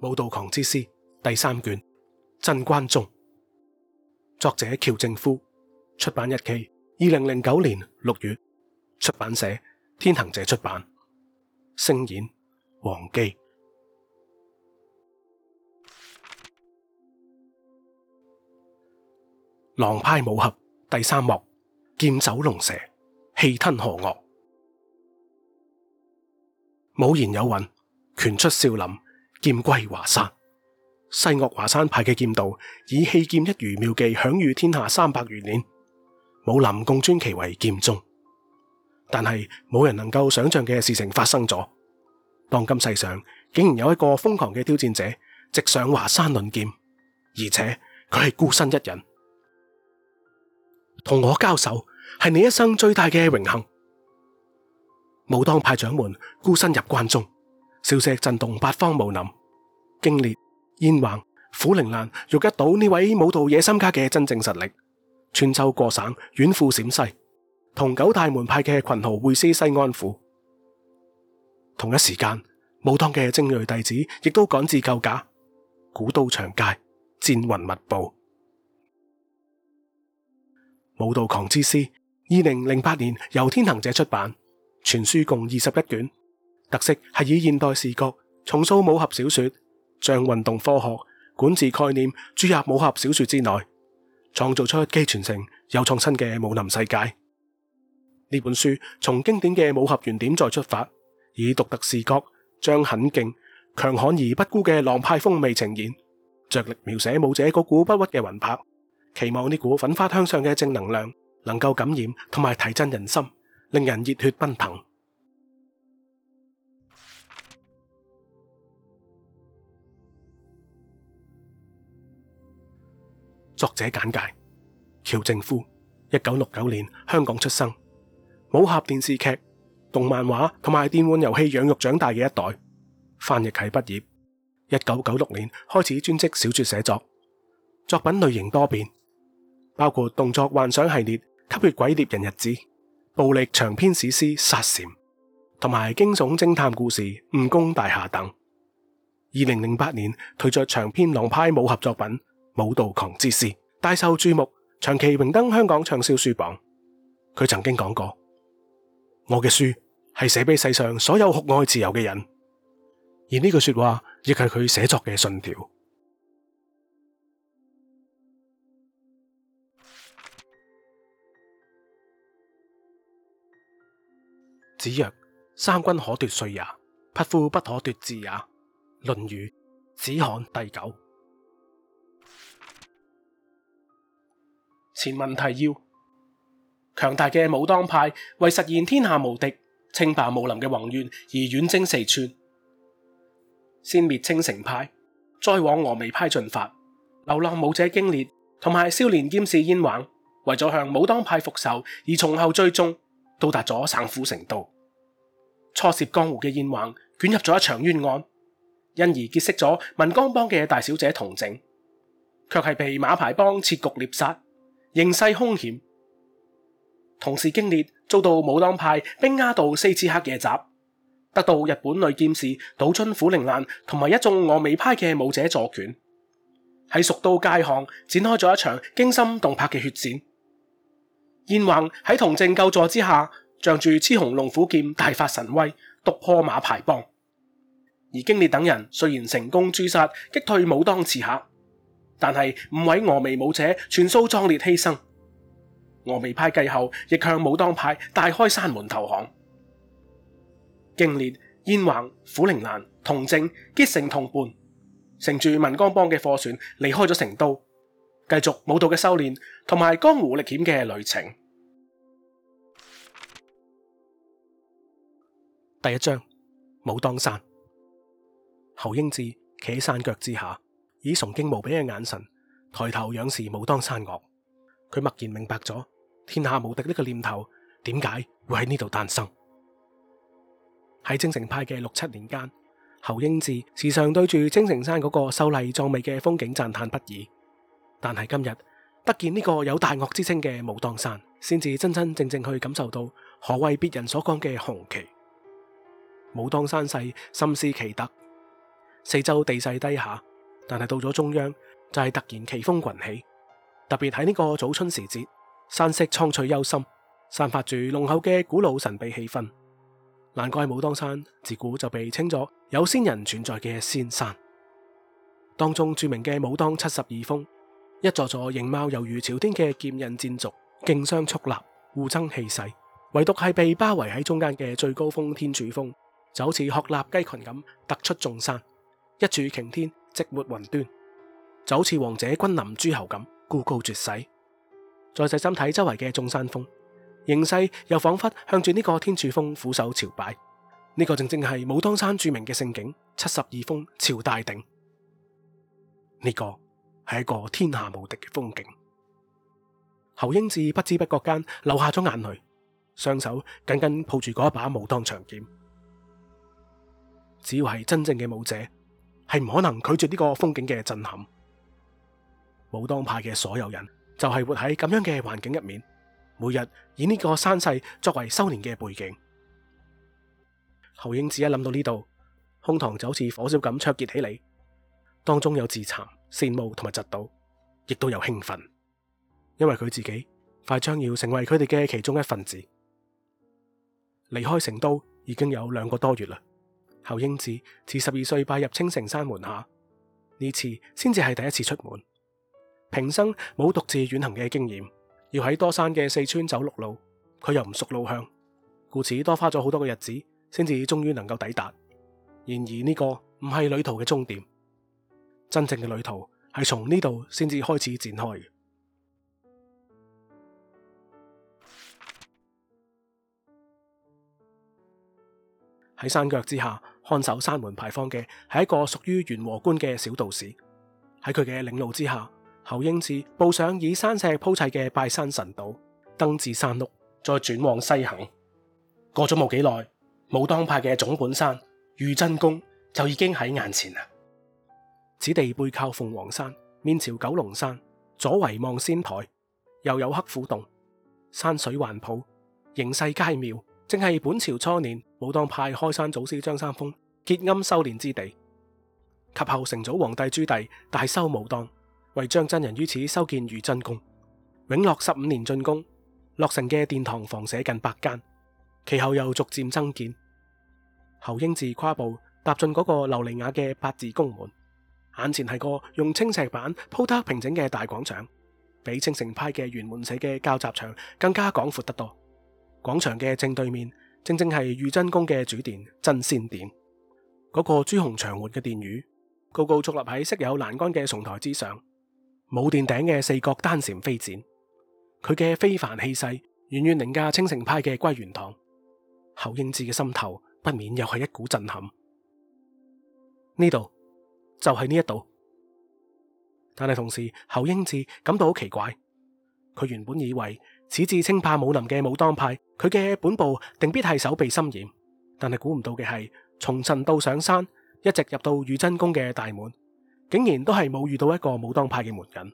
《武道狂之詩》第三卷震關中，作者喬靖夫，出版日期二零零九年六月，出版社天行者出版。聲演黃基，狼派武俠第三幕，劍走龍蛇，氣吞河嶽，武諺有云，拳出少林。劍歸華山，西嶽華山派嘅劍道以氣劍一如妙技享譽天下三百餘年，武林共尊其為劍宗。但係冇人能夠想象嘅事情發生咗，當今世上竟然有一個瘋狂嘅挑戰者直上華山論劍，而且佢係孤身一人，同我交手係你一生最大嘅榮幸。武當派掌門孤身入關中。消息震動八方武林，荊裂燕橫，虎玲蘭，欲一睹呢位武道野心家嘅真正實力。穿州過省遠赴陝西，同九大門派嘅群豪會師西安府。同一時間，武當嘅精銳弟子亦都趕至救駕。古都長街，戰雲密布。武道狂之詩，二零零八年由天行者出版，全書共二十一卷。特色係以現代視覺重塑武俠小說，將運動科學、管治概念注入武俠小說之內，創造出既傳承又創新嘅武林世界。呢本書從經典嘅武俠原點再出發，以獨特視角將狠勁、強悍而不孤嘅狼派風味呈現，着力描寫武者嗰股不屈嘅魂魄，期望呢股奮發向上嘅正能量能夠感染同埋提振人心，令人熱血奔騰。作者簡介：喬靖夫，一九六九年香港出生，武俠電視劇、動漫畫同埋電玩遊戲養育長大嘅一代。翻譯系畢業，一九九六年開始專職小說寫作，作品類型多變，包括動作幻想系列《吸血鬼獵人日誌》、暴力長篇史詩《殺禪》同埋驚悚偵探故事《誤宮大廈》等。二零零八年推出長篇狼派武俠作品。武道狂之詩大受注目，長期榮登香港暢銷書榜。佢曾經講過：我嘅書係寫俾世上所有酷愛自由嘅人。而呢句說話亦係佢寫作嘅信條。子曰：三軍可奪帥也，匹夫不可奪志也。《論語》子罕第九。前文提要，強大嘅武當派為實現天下無敵、稱霸武林嘅宏願而遠征四川，先滅青城派，再往峨眉派進發。流浪武者荊裂同埋少年劍士燕橫，為咗向武當派復仇而從後追蹤，到達咗省府成都。初涉江湖嘅燕橫捲入咗一場冤案，因而結識咗岷江幫嘅大小姐童靜，卻係被馬牌幫設局獵殺。形勢凶險，同時荊裂遭到武當派兵崖渡四刺客夜襲，得到日本女劍士島津虎玲蘭同埋一眾峨眉派嘅武者助拳，喺蜀都街巷展開咗一場驚心動魄嘅血戰。燕橫喺同正救助之下，仗住雌雄龍虎劍大發神威，獨破馬排幫。而荊裂等人雖然成功誅殺，擊退武當刺客。但係五位峨眉武者全數壯烈犧牲，峨眉派繼後亦向武當派大開山門投降。荊裂、燕橫、虎玲蘭、童靜結成同伴，乘住岷江幫嘅貨船離開咗成都，繼續武道嘅修煉同埋江湖歷險嘅旅程。第一章，武當山，侯英智企喺山腳之下。以崇敬無比嘅眼神抬頭仰視武當山岳，佢默然明白咗天下無敵呢個念頭點解會喺呢度誕生。喺青城派嘅六七年間，侯英志時常對住青城山嗰個秀麗壯美嘅風景讚嘆不已，但係今日得見呢個有大岳之稱嘅武當山，先至真真正正去感受到何謂別人所講嘅雄奇。武當山勢甚是奇特，四周地勢低下。但係到咗中央，就係、是、突然奇峰群起，特別喺呢個早春時節，山色蒼翠幽深，散發住濃厚嘅古老神秘氣氛。難怪武當山自古就被稱作有仙人存在嘅仙山。當中著名嘅武當七十二峰，一座座形貌猶如朝天嘅劍刃，箭簇競相矗立，互爭氣勢。唯獨係被包圍喺中間嘅最高峰天柱峰，就好似鶴立雞群咁突出眾山，一柱擎天。直沒雲端，就好似王者君臨諸侯咁孤高絕世。再細心睇周圍嘅眾山峰，形勢又仿佛向住呢個天柱峰俯首朝拜。呢個正正係武當山著名嘅勝景七十二峰朝大頂。呢個係一個天下無敵嘅風景。侯英智不知不覺間流下咗眼淚，雙手緊緊抱住嗰一把武當長劍。只要係真正嘅武者。係唔可能拒絕呢個風景嘅震撼。武當派嘅所有人就係活喺咁樣嘅環境入面，每日以呢個山勢作為修煉嘅背景。侯英子一諗到呢度，胸膛就好似火燒咁灼熱起嚟，當中有自慚、羨慕同埋嫉妒，亦都有興奮，因為佢自己快將要成為佢哋嘅其中一份子。離開成都已經有兩個多月啦。侯英子自十二歲拜入青城山門下，呢次先至係第一次出門，平生冇獨自遠行嘅經驗，要喺多山嘅四川走陸路，佢又唔熟路向，故此多花咗好多個日子，先至終於能夠抵達。然而呢個唔係旅途嘅終點，真正嘅旅途係從呢度先至開始展開嘅。喺山腳之下。看守山門牌坊嘅係一個屬於元和觀嘅小道士，喺佢嘅領路之下，侯英智步上以山石鋪砌嘅拜山神道，登至山屋，再轉往西行。過咗冇幾耐，武當派嘅總本山御真宮就已經喺眼前啦。此地背靠鳳凰山，面朝九龍山，左圍望仙台，右有黑虎洞，山水環抱，形勢皆妙。正係本朝初年，武當派開山祖師張三豐結庵修煉之地。及後成祖皇帝朱棣大修武當，為張真人於此修建遇真宮。永樂十五年竣工，落成嘅殿堂房舍近百間，其後又逐漸增建。侯英治跨步踏進嗰個琉璃瓦嘅八字宮門，眼前係個用青石板鋪得平整嘅大廣場，比青城派嘅玄門社嘅教習場更加廣闊得多。廣場嘅正對面，正正係遇真宮嘅主殿真仙殿。嗰、那個朱紅長活嘅殿宇，高高矗立喺飾有欄杆嘅松台之上，廡殿頂嘅四角丹蟬飛展。佢嘅非凡氣勢，遠遠凌駕青城派嘅歸元堂。侯英智嘅心頭不免又係一股震撼。呢度就係呢一度，但係同時，侯英智感到好奇怪。佢原本以為，此至稱霸武林嘅武當派，佢嘅本部定必係守備森嚴，但係估唔到嘅係，從神道上山，一直入到御真宮嘅大門，竟然都係冇遇到一個武當派嘅門人。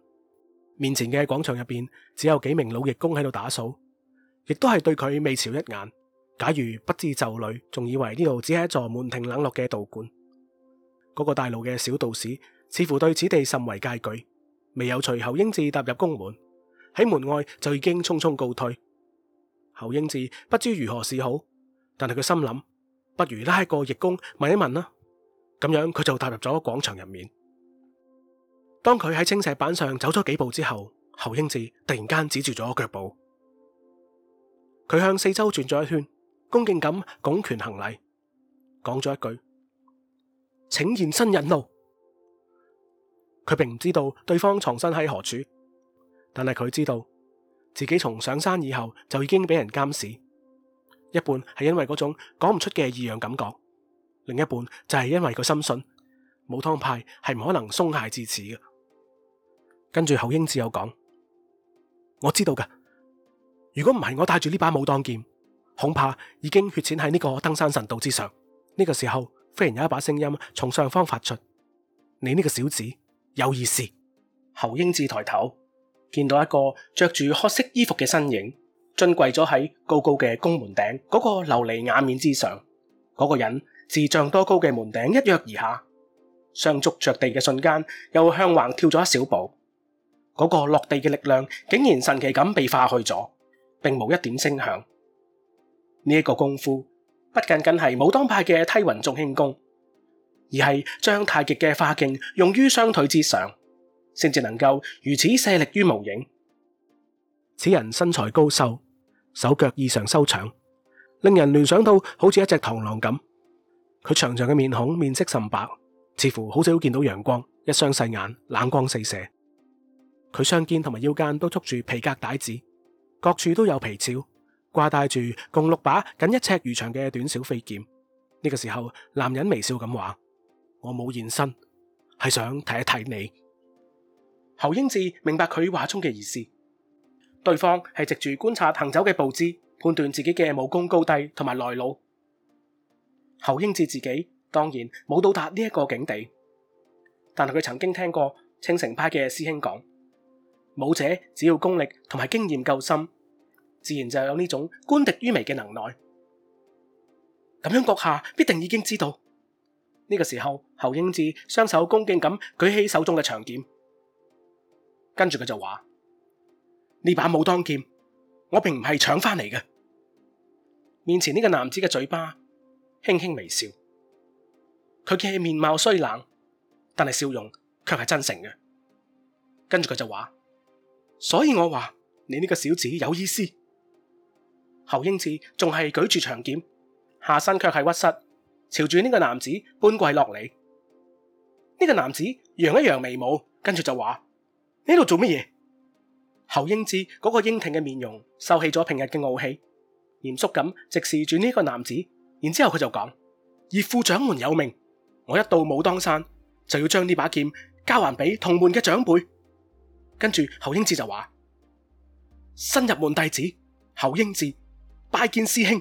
面前嘅廣場入邊，只有幾名老役工喺度打掃，亦都係對佢未朝一眼。假如不知就裡，仲以為呢度只係一座門庭冷落嘅道館。嗰個帶路嘅小道士似乎對此地甚為戒懼，未有隨後英智踏入宮門。喺門外就已經匆匆告退，侯英智不知如何是好，但係佢心諗，不如拉個役工問一問啦。咁樣佢就踏入咗廣場入面。當佢喺青石板上走咗幾步之後，侯英智突然間止住咗腳步，佢向四周轉咗一圈，恭敬咁拱拳行禮，講咗一句，請現身引路。佢並唔知道對方藏身喺何處。但係佢知道自己從上山以後就已經俾人監視，一半係因為嗰種講唔出嘅異樣感覺，另一半就係因為佢深信武當派係唔可能鬆懈至此嘅。跟住侯英智又講：我知道噶，如果唔係我帶住呢把武當劍，恐怕已經血濺喺呢個登山神道之上。呢個時候，忽然有一把聲音從上方發出：你呢個小子有意思。侯英智抬頭。見到一個着住褐色衣服嘅身影，進跪咗喺高高嘅宮門頂嗰、那個琉璃瓦面之上。嗰、那個人自丈多高嘅門頂一躍而下，雙足着地嘅瞬間，又向橫跳咗一小步。嗰、那個落地嘅力量竟然神奇咁被化去咗，並無一點聲響。呢、這、一個功夫，不僅僅係武當派嘅梯雲縱輕功，而係將太極嘅化勁用於雙腿之上。甚至能夠如此卸力於無形。此人身材高瘦，手腳異常修長，令人聯想到好似一隻螳螂咁。佢長長嘅面孔，面色甚白，似乎好少見到陽光。一雙細眼，冷光四射。佢雙肩同埋腰間都束住皮革帶子，各處都有皮鞘，掛帶住共六把僅一尺餘長嘅短小飛劍。呢、這個時候，男人微笑咁話：「我冇現身，係想睇一睇你。侯英智明白佢話中嘅意思，對方係藉住觀察行走嘅步姿，判斷自己嘅武功高低同埋來路。侯英智自己當然冇到達呢一個境地，但係佢曾經聽過青城派嘅師兄講，武者只要功力同埋經驗夠深，自然就有呢種觀敵於微嘅能耐。咁樣閣下必定已經知道。呢個時候，侯英智雙手恭敬咁舉起手中嘅長劍。跟住佢就話：呢把武當劍，我並唔係搶翻嚟嘅。面前呢個男子嘅嘴巴輕輕微笑，佢嘅面貌雖冷，但係笑容卻係真誠嘅。跟住佢就話：所以我話你呢個小子有意思。侯英志仲係舉住長劍，下身卻係屈膝，朝住呢個男子半跪落嚟。呢個男子揚一揚眉毛，跟住就話。呢度做乜嘢？侯英志嗰個英挺嘅面容收起咗平日嘅傲氣，嚴肅咁直視住呢個男子，然之後佢就講：而副掌門有命，我一到武當山就要將呢把劍交還俾同門嘅長輩。跟住侯英志就話：新入門弟子侯英志拜見師兄。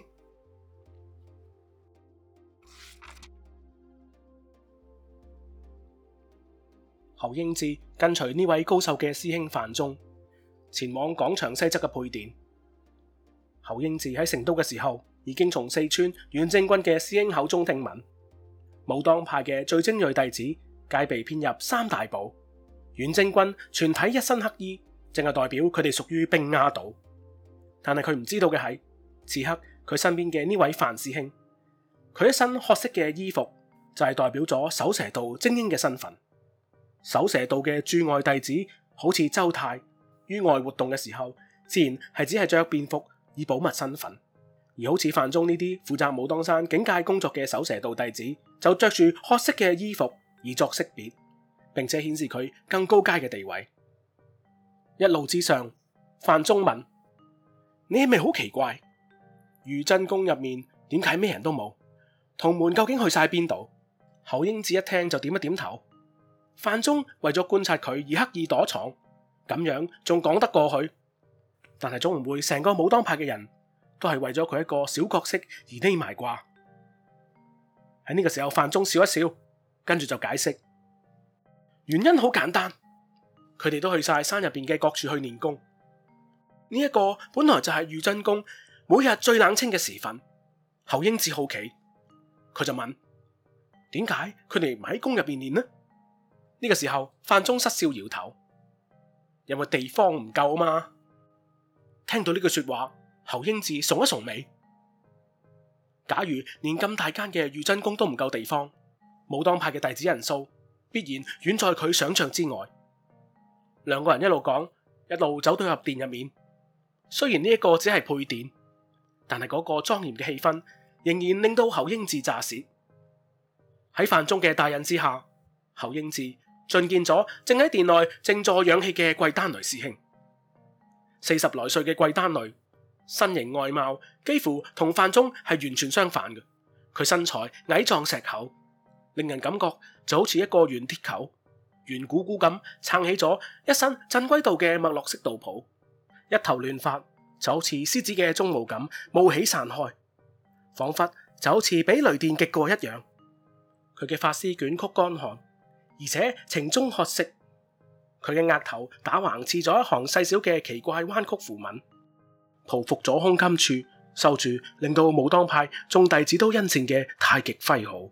侯英智跟隨呢位高手嘅師兄范中前往廣場西側嘅配殿。侯英智喺成都嘅時候，已經從四川遠征軍嘅師兄口中聽聞，武當派嘅最精銳弟子皆被編入三大部。遠征軍全體一身黑衣，正係代表佢哋屬於兵鴉道。但係佢唔知道嘅係，此刻佢身邊嘅呢位范師兄，佢一身褐色嘅衣服就係、是、代表咗守蛇道精英嘅身份。守蛇道嘅駐外弟子，好似周泰於外活動嘅時候，自然係只係着便服以保密身份；而好似范中呢啲負責武當山警戒工作嘅守蛇道弟子，就着住褐色嘅衣服以作識別，並且顯示佢更高階嘅地位。一路之上，范中問：你係咪好奇怪？遇真宮入面點解咩人都冇？同門究竟去晒邊度？侯英子一聽就點一點頭。范中為咗觀察佢而刻意躲藏，咁樣仲講得過去。但係總唔會成個武當派嘅人都係為咗佢一個小角色而匿埋啩。喺呢個時候，范中笑一笑，跟住就解釋，原因好簡單，佢哋都去晒山入邊嘅各處去練功。呢一個本來就係御真宮每日最冷清嘅時分。侯英子好奇，佢就問：點解佢哋唔喺宮入邊練呢？呢個時候，范仲失笑搖頭，因為地方唔夠啊嘛。聽到呢句說話，侯英智聳一聳眉。假如連咁大間嘅遇真宮都唔夠地方，武當派嘅弟子人數必然遠在佢想象之外。兩個人一路講，一路走到入殿入面。雖然呢一個只係配殿，但係嗰個莊嚴嘅氣氛仍然令到侯英智咋舌。喺范仲嘅帶引之下，侯英智。進見咗正喺殿內靜坐養氣嘅桂丹雷師兄，四十來歲嘅桂丹雷，身形外貌幾乎同范中係完全相反嘅。佢身材矮壯石口，令人感覺就好似一個圓鐵球，圓鼓鼓咁撐起咗一身鎮龜道嘅墨綠色道袍，一頭亂發就好似獅子嘅鬃毛咁冒起散開，仿佛就好似俾雷電擊過一樣。佢嘅發絲捲曲乾寒。而且情中學識，佢嘅額頭打橫刺咗一行細小嘅奇怪彎曲符文，袍服左胸襟處繡住令到武當派眾弟子都欽羨嘅太極徽號。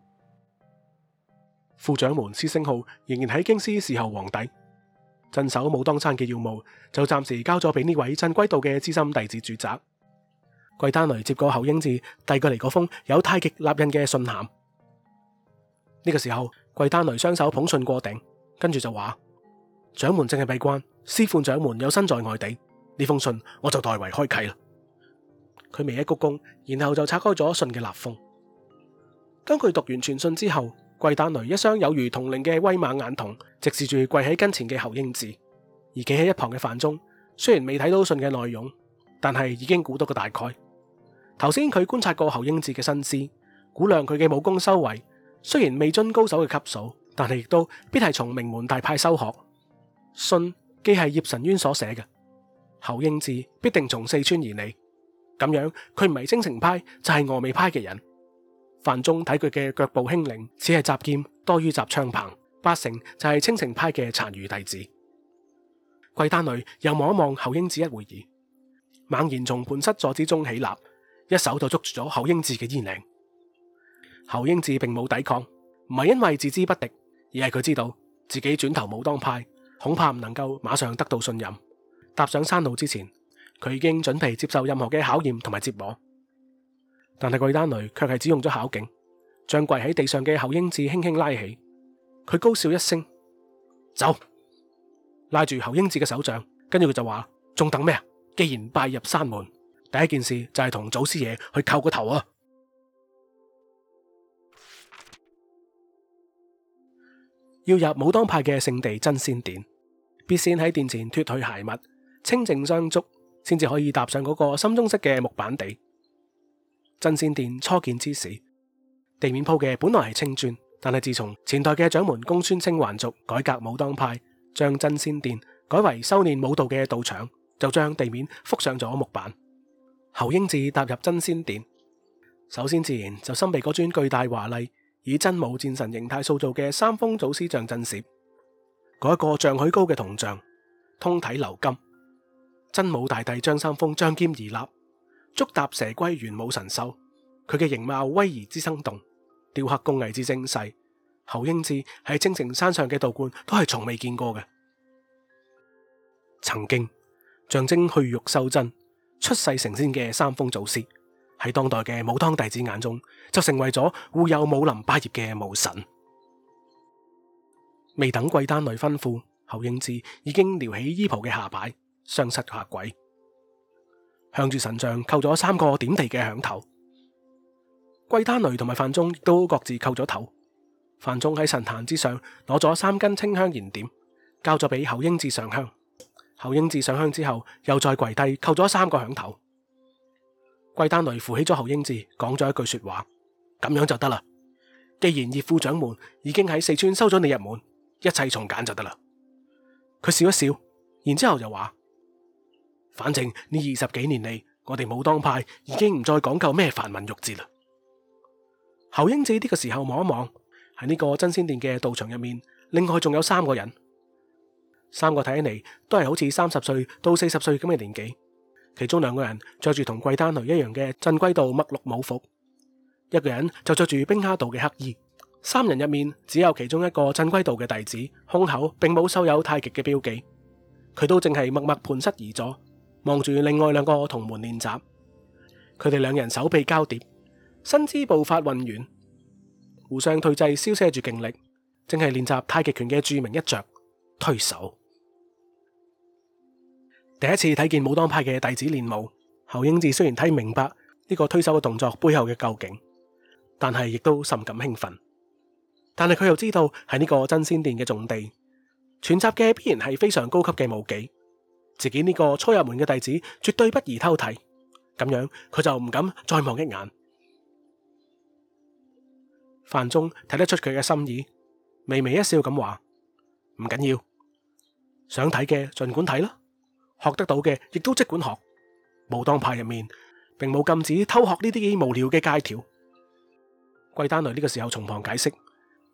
副掌門師星號仍然喺京師侍候皇帝，鎮守武當山嘅要務就暫時交咗俾呢位鎮圭道嘅資深弟子主持。桂丹雷接過侯英志遞過嚟嗰封有太極立印嘅信函，呢、這個時候。桂丹雷雙手捧信過頂，跟住就話：掌門正係閉關，師父掌門有身在外地，呢封信我就代為開啟啦。佢微一鞠躬，然後就拆開咗信嘅蠟封。當佢讀完全信之後，桂丹雷一雙有如銅鈴嘅威猛眼瞳，直視住跪喺跟前嘅侯英志，而企喺一旁嘅范中，雖然未睇到信嘅內容，但係已經估到個大概。頭先佢觀察過侯英志嘅身姿，估量佢嘅武功修為。雖然未臻高手嘅級數，但係亦都必係從名門大派修學。信既係葉神淵所寫嘅，侯英志必定從四川而嚟，咁樣佢唔係青城派就係峨眉派嘅人。范仲睇佢嘅腳步輕靈，似係習劍多於習槍棒，八成就係青城派嘅殘餘弟子。桂丹女又望一望侯英志一會兒，猛然從盤膝坐之中起立，一手就捉住咗侯英志嘅衣領。侯英智並冇抵抗，唔係因為自知不敵，而係佢知道自己轉投武當派恐怕唔能夠馬上得到信任。踏上山路之前，佢已經準備接受任何嘅考驗同埋折磨。但係桂丹雷卻係只用咗巧勁，將跪喺地上嘅侯英智輕輕拉起，佢高笑一聲：走！拉住侯英智嘅手掌，跟住佢就話：仲等咩？既然拜入山門，第一件事就係同祖師爺去叩個頭啊！要入武當派嘅聖地真仙殿，必先喺殿前脱去鞋襪，清靜相足，先至可以踏上嗰個深棕色嘅木板地。真仙殿初建之時，地面鋪嘅本來係青磚，但係自從前代嘅掌門公孫清還俗改革武當派，將真仙殿改為修煉武道嘅道場，就將地面覆上咗木板。侯英志踏入真仙殿，首先自然就心被嗰尊巨大華麗。以真武戰神形態塑造嘅三豐祖師像震懾，嗰一個像許高嘅銅像，通體鎏金，真武大帝張三豐仗劍而立，足踏蛇龜玄武神獸，佢嘅形貌威儀之生動，雕刻工藝之精細，侯英志喺青城山上嘅道觀都係從未見過嘅。曾經象徵去玉修真、出世成仙嘅三豐祖師，喺當代嘅武當弟子眼中，就成為咗護佑武林霸業嘅武神。未等桂丹雷吩咐，侯英智已經撩起衣袍嘅下擺，雙膝下跪，向住神像叩咗三個點地嘅響頭。桂丹雷同埋范宗亦都各自叩咗頭。范宗喺神壇之上攞咗三根清香燃點，交咗俾侯英智上香。侯英智上香之後，又再跪低叩咗三個響頭。桂丹雷扶起咗侯英志，講咗一句說話，咁樣就得啦。既然葉副掌門已經喺四川收咗你入門，一切從簡就得啦。佢笑一笑，然之後就話：反正呢二十幾年嚟，我哋武當派已經唔再講究咩繁文縟節啦。侯英志呢個時候望一望，喺呢個真仙殿嘅道場入面，另外仲有三個人，三個睇起嚟都係好似三十歲到四十歲咁嘅年紀。其中兩個人着住同桂丹雷一樣嘅鎮圭道墨綠武服，一個人就着住冰蝦道嘅黑衣。三人入面只有其中一個鎮圭道嘅弟子，胸口並冇收有太極嘅標記，佢都淨係默默盤膝而坐，望住另外兩個同門練習。佢哋兩人手臂交疊，身姿步法混圓，互相退制消泄住勁力，正係練習太極拳嘅著名一着推手。第一次睇見武當派嘅弟子練武，侯英智雖然睇唔明白呢個推手嘅動作背後嘅究竟，但係亦都甚感興奮。但係佢又知道喺呢個真仙殿嘅重地，傳習嘅必然係非常高級嘅武技，自己呢個初入門嘅弟子絕對不宜偷睇。咁樣佢就唔敢再望一眼。范中睇得出佢嘅心意，微微一笑咁話：唔緊要，想睇嘅盡管睇啦。學得到嘅，亦都即管學。武當派入面，並冇禁止偷學呢啲無聊嘅戒條。桂丹雷呢個時候從旁解釋，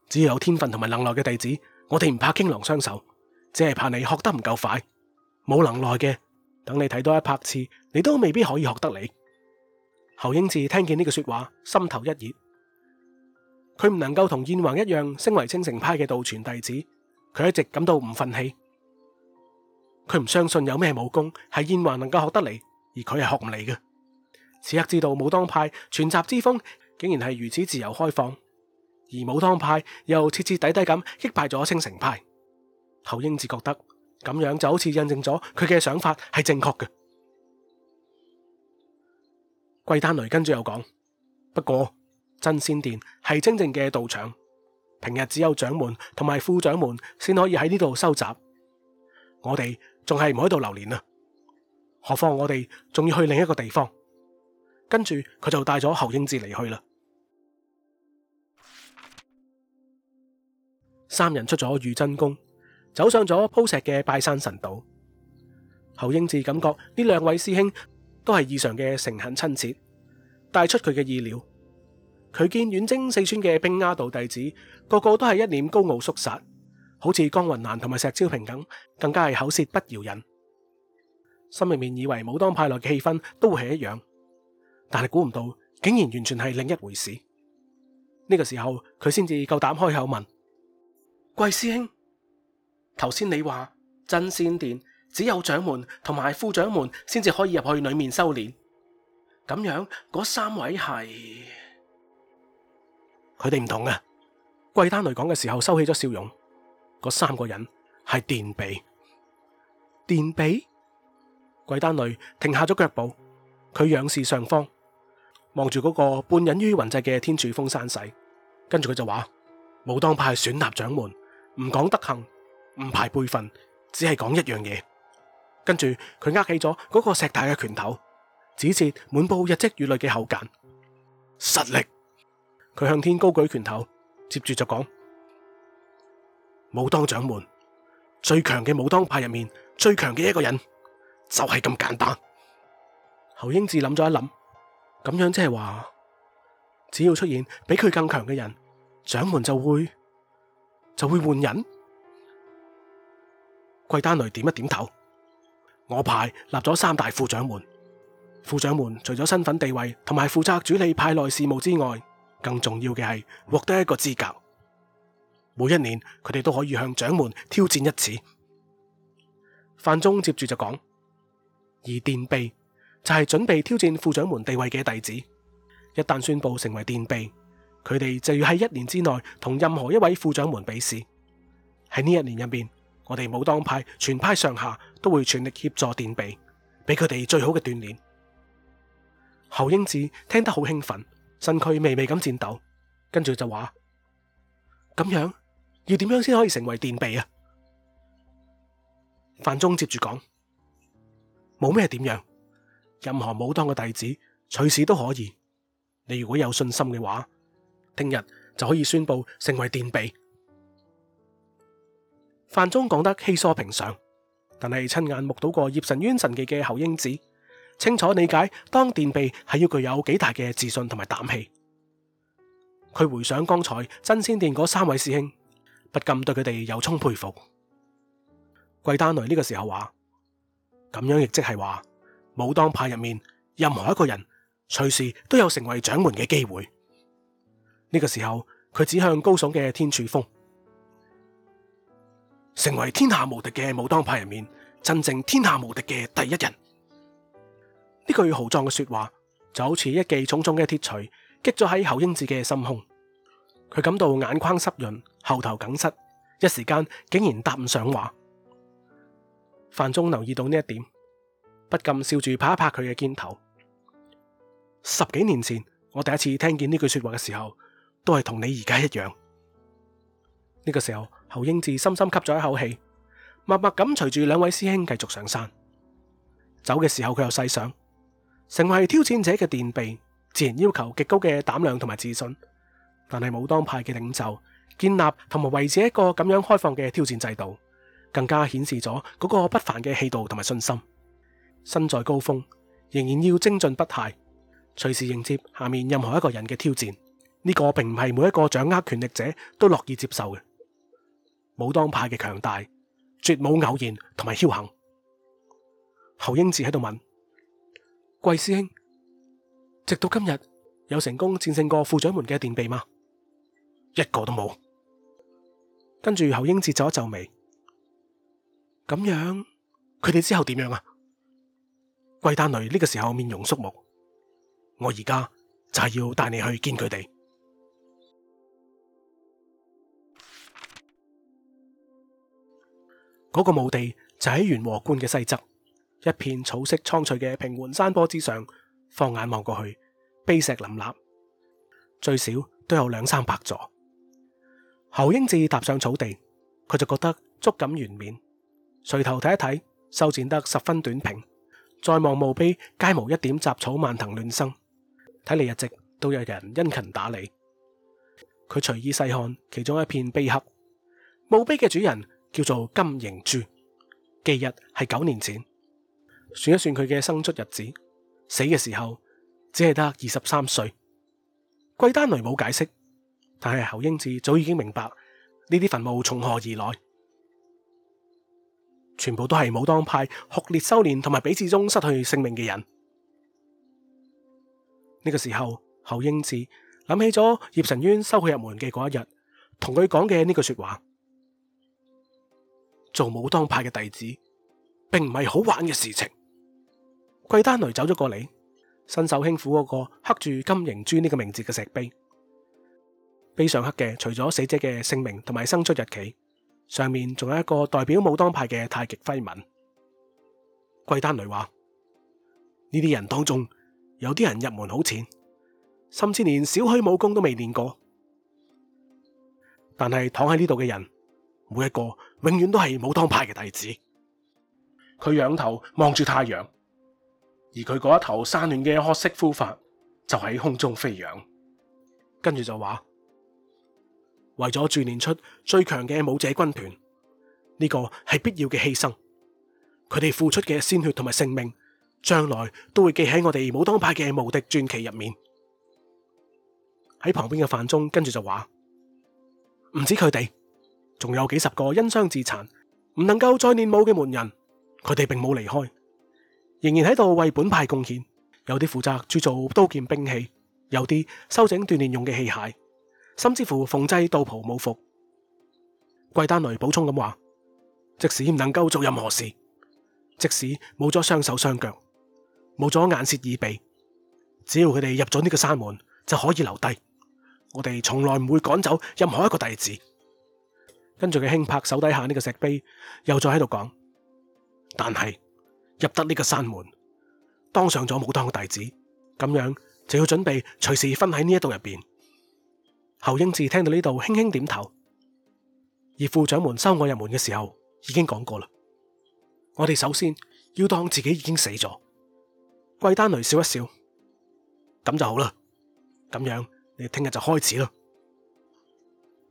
只要有天分同埋能耐嘅弟子，我哋唔怕傾囊相授，只係怕你學得唔夠快。冇能耐嘅，等你睇多一百次，你都未必可以學得嚟。侯英智聽見呢句說話，心頭一熱。佢唔能夠同燕橫一樣升為青城派嘅道傳弟子，佢一直感到唔忿氣。佢唔相信有咩武功係燕橫能夠學得嚟，而佢係學唔嚟嘅。此刻知道武當派全集之風竟然係如此自由開放，而武當派又徹徹底底咁擊敗咗青城派，侯英子覺得咁樣就好似印證咗佢嘅想法係正確嘅。桂丹雷跟住又講，不過真仙殿係真正嘅道場，平日只有掌門同埋副掌門先可以喺呢度收集。我哋。仲係唔喺度留連啊。何況我哋仲要去另一個地方。跟住佢就帶咗侯英智離去啦。三人出咗遇真宮，走上咗鋪石嘅拜山神道。侯英智感覺呢兩位師兄都係異常嘅誠懇親切，大出佢嘅意料。佢見遠征四川嘅兵丫道弟子，個個都係一臉高傲肅殺。好似江雲蘭同埋石超平等，更加係口舌不饒人。心裏面以為武當派內嘅氣氛都係一樣，但係估唔到竟然完全係另一回事。呢個時候佢先至夠膽開口問：貴師兄，頭先你話真仙殿只有掌門同埋副掌門先至可以入去裏面修煉，咁樣嗰三位係佢哋唔同嘅。貴丹雷講嘅時候收起咗笑容。嗰三個人係電比，電比，鬼丹女停下咗腳步。佢仰視上方，望住嗰個半隱於雲際嘅天柱峰山勢，跟住佢就話，武當派選立掌門，唔講德行，唔排輩分，只係講一樣嘢。跟住佢握起咗嗰個石大嘅拳頭，只見滿布日積月累嘅厚繭。實力。佢向天高舉拳頭，接住就講。武當掌門最強嘅武當派入面最強嘅一個人，就係咁簡單。侯英智諗咗一諗，咁樣即係話，只要出現比佢更強嘅人，掌門就會就會換人。桂丹雷點一點頭，我派立咗三大副掌門，副掌門除咗身份地位同埋負責處理派內事務之外，更重要嘅係獲得一個資格。每一年佢哋都可以向掌門挑戰一次。范中接住就講，而墊臂就係、是、準備挑戰副掌門地位嘅弟子。一旦宣布成為墊臂，佢哋就要喺一年之內同任何一位副掌門比試。喺呢一年入邊，我哋武當派全派上下都會全力協助墊臂，俾佢哋最好嘅鍛煉。侯英志聽得好興奮，身軀微微咁顫抖，跟住就話咁樣。要點樣先可以成為殿臂啊？范宗接住講：冇咩點樣，任何武當嘅弟子，隨時都可以。你如果有信心嘅話，聽日就可以宣布成為殿臂。范宗講得稀疏平常，但係親眼目睹過葉辰淵神技嘅侯英子，清楚理解當殿臂係要具有幾大嘅自信同埋膽氣。佢回想剛才真仙殿嗰三位師兄，不禁對佢哋由衷佩服。桂丹雷呢個時候話：咁樣亦即係話，武當派入面任何一個人，隨時都有成為掌門嘅機會。呢個時候，佢指向高聳嘅天柱峰，成為天下無敵嘅武當派入面真正天下無敵嘅第一人。呢句豪壯嘅說話，就好似一記重重嘅鐵錘，擊咗喺侯英志嘅心胸。佢感到眼眶濕潤，喉頭梗塞，一時間竟然答唔上話。范中留意到呢一點，不禁笑住拍一拍佢嘅肩頭。十幾年前，我第一次聽見呢句說話嘅時候，都係同你而家一樣。呢個時候，侯英志深深吸咗一口氣，默默咁隨住兩位師兄繼續上山。走嘅時候，佢又細想，成為挑戰者嘅墊背，自然要求極高嘅膽量同埋自信。但係武當派嘅領袖建立同埋維持一個咁樣開放嘅挑戰制度，更加顯示咗嗰個不凡嘅氣度同埋信心。身在高峰，仍然要精進不懈，隨時迎接下面任何一個人嘅挑戰。呢個並唔係每一個掌握權力者都樂意接受嘅。武當派嘅強大，絕冇偶然同埋僥幸。侯英智喺度問：貴師兄，直到今日有成功戰勝過副掌門嘅電備嗎？一個都冇。跟住侯英哲皺一皺眉，咁樣佢哋之後點樣啊？桂丹雷呢個時候面容肅穆。我而家就係要帶你去見佢哋。嗰個墓地就喺元和觀嘅西側，一片草色蒼翠嘅平緩山坡之上，放眼望過去，碑石林立，最少都有兩三百座。侯英志踏上草地，佢就覺得觸感圓面。垂頭睇一睇，修剪得十分短平。再望墓碑，皆無一點雜草蔓藤亂生。睇嚟一直都有人殷勤打理。佢隨意細看其中一片碑刻，墓碑嘅主人叫做金瑩柱，忌日係九年前，算一算佢嘅生卒日子，死嘅時候只係得二十三歲。桂丹雷冇解釋。但係侯英智早已經明白呢啲墳墓從何而來，全部都係武當派酷烈修煉同埋彼此中失去性命嘅人。呢個時候，侯英智諗起咗葉神淵收佢入門嘅嗰一日，同佢講嘅呢句說話：做武當派嘅弟子，並唔係好玩嘅事情。桂丹雷走咗過嚟，伸手輕撫嗰個刻住金凝珠呢個名字嘅石碑。非常黑嘅，除咗死者嘅姓名同埋生卒日期，上面仲有一個代表武當派嘅太極徽紋。桂丹雷話：呢啲人當中有啲人入門好淺，甚至連少許武功都未練過。但係躺喺呢度嘅人，每一個永遠都係武當派嘅弟子。佢仰頭望住太陽，而佢嗰一頭散亂嘅褐色枯髮就喺空中飛揚，跟住就話。為咗鑄煉出最強嘅武者軍團，呢、這個係必要嘅犧牲。佢哋付出嘅鮮血同埋性命，將來都會記喺我哋武當派嘅無敵傳奇入面。喺旁邊嘅范中，跟住就話：唔止佢哋，仲有幾十個因傷致殘、唔能夠再練武嘅門人，佢哋並冇離開，仍然喺度為本派貢獻。有啲負責鑄造刀劍兵器，有啲修整鍛煉用嘅器械。甚至乎縫製道袍冇服，桂丹雷補充咁話，即使唔能夠做任何事，即使冇咗雙手雙腳，冇咗眼舌耳鼻，只要佢哋入咗呢個山門，就可以留低。我哋從來唔會趕走任何一個弟子。跟住佢輕拍手底下呢個石碑，又再喺度講：但係入得呢個山門，當上咗武當嘅弟子，咁樣就要準備隨時分喺呢一度入邊。侯英智聽到呢度，輕輕點頭。而副長們收我入門嘅時候，已經講過啦。我哋首先要當自己已經死咗。桂丹雷笑一笑，咁就好啦。咁樣你聽日就開始啦。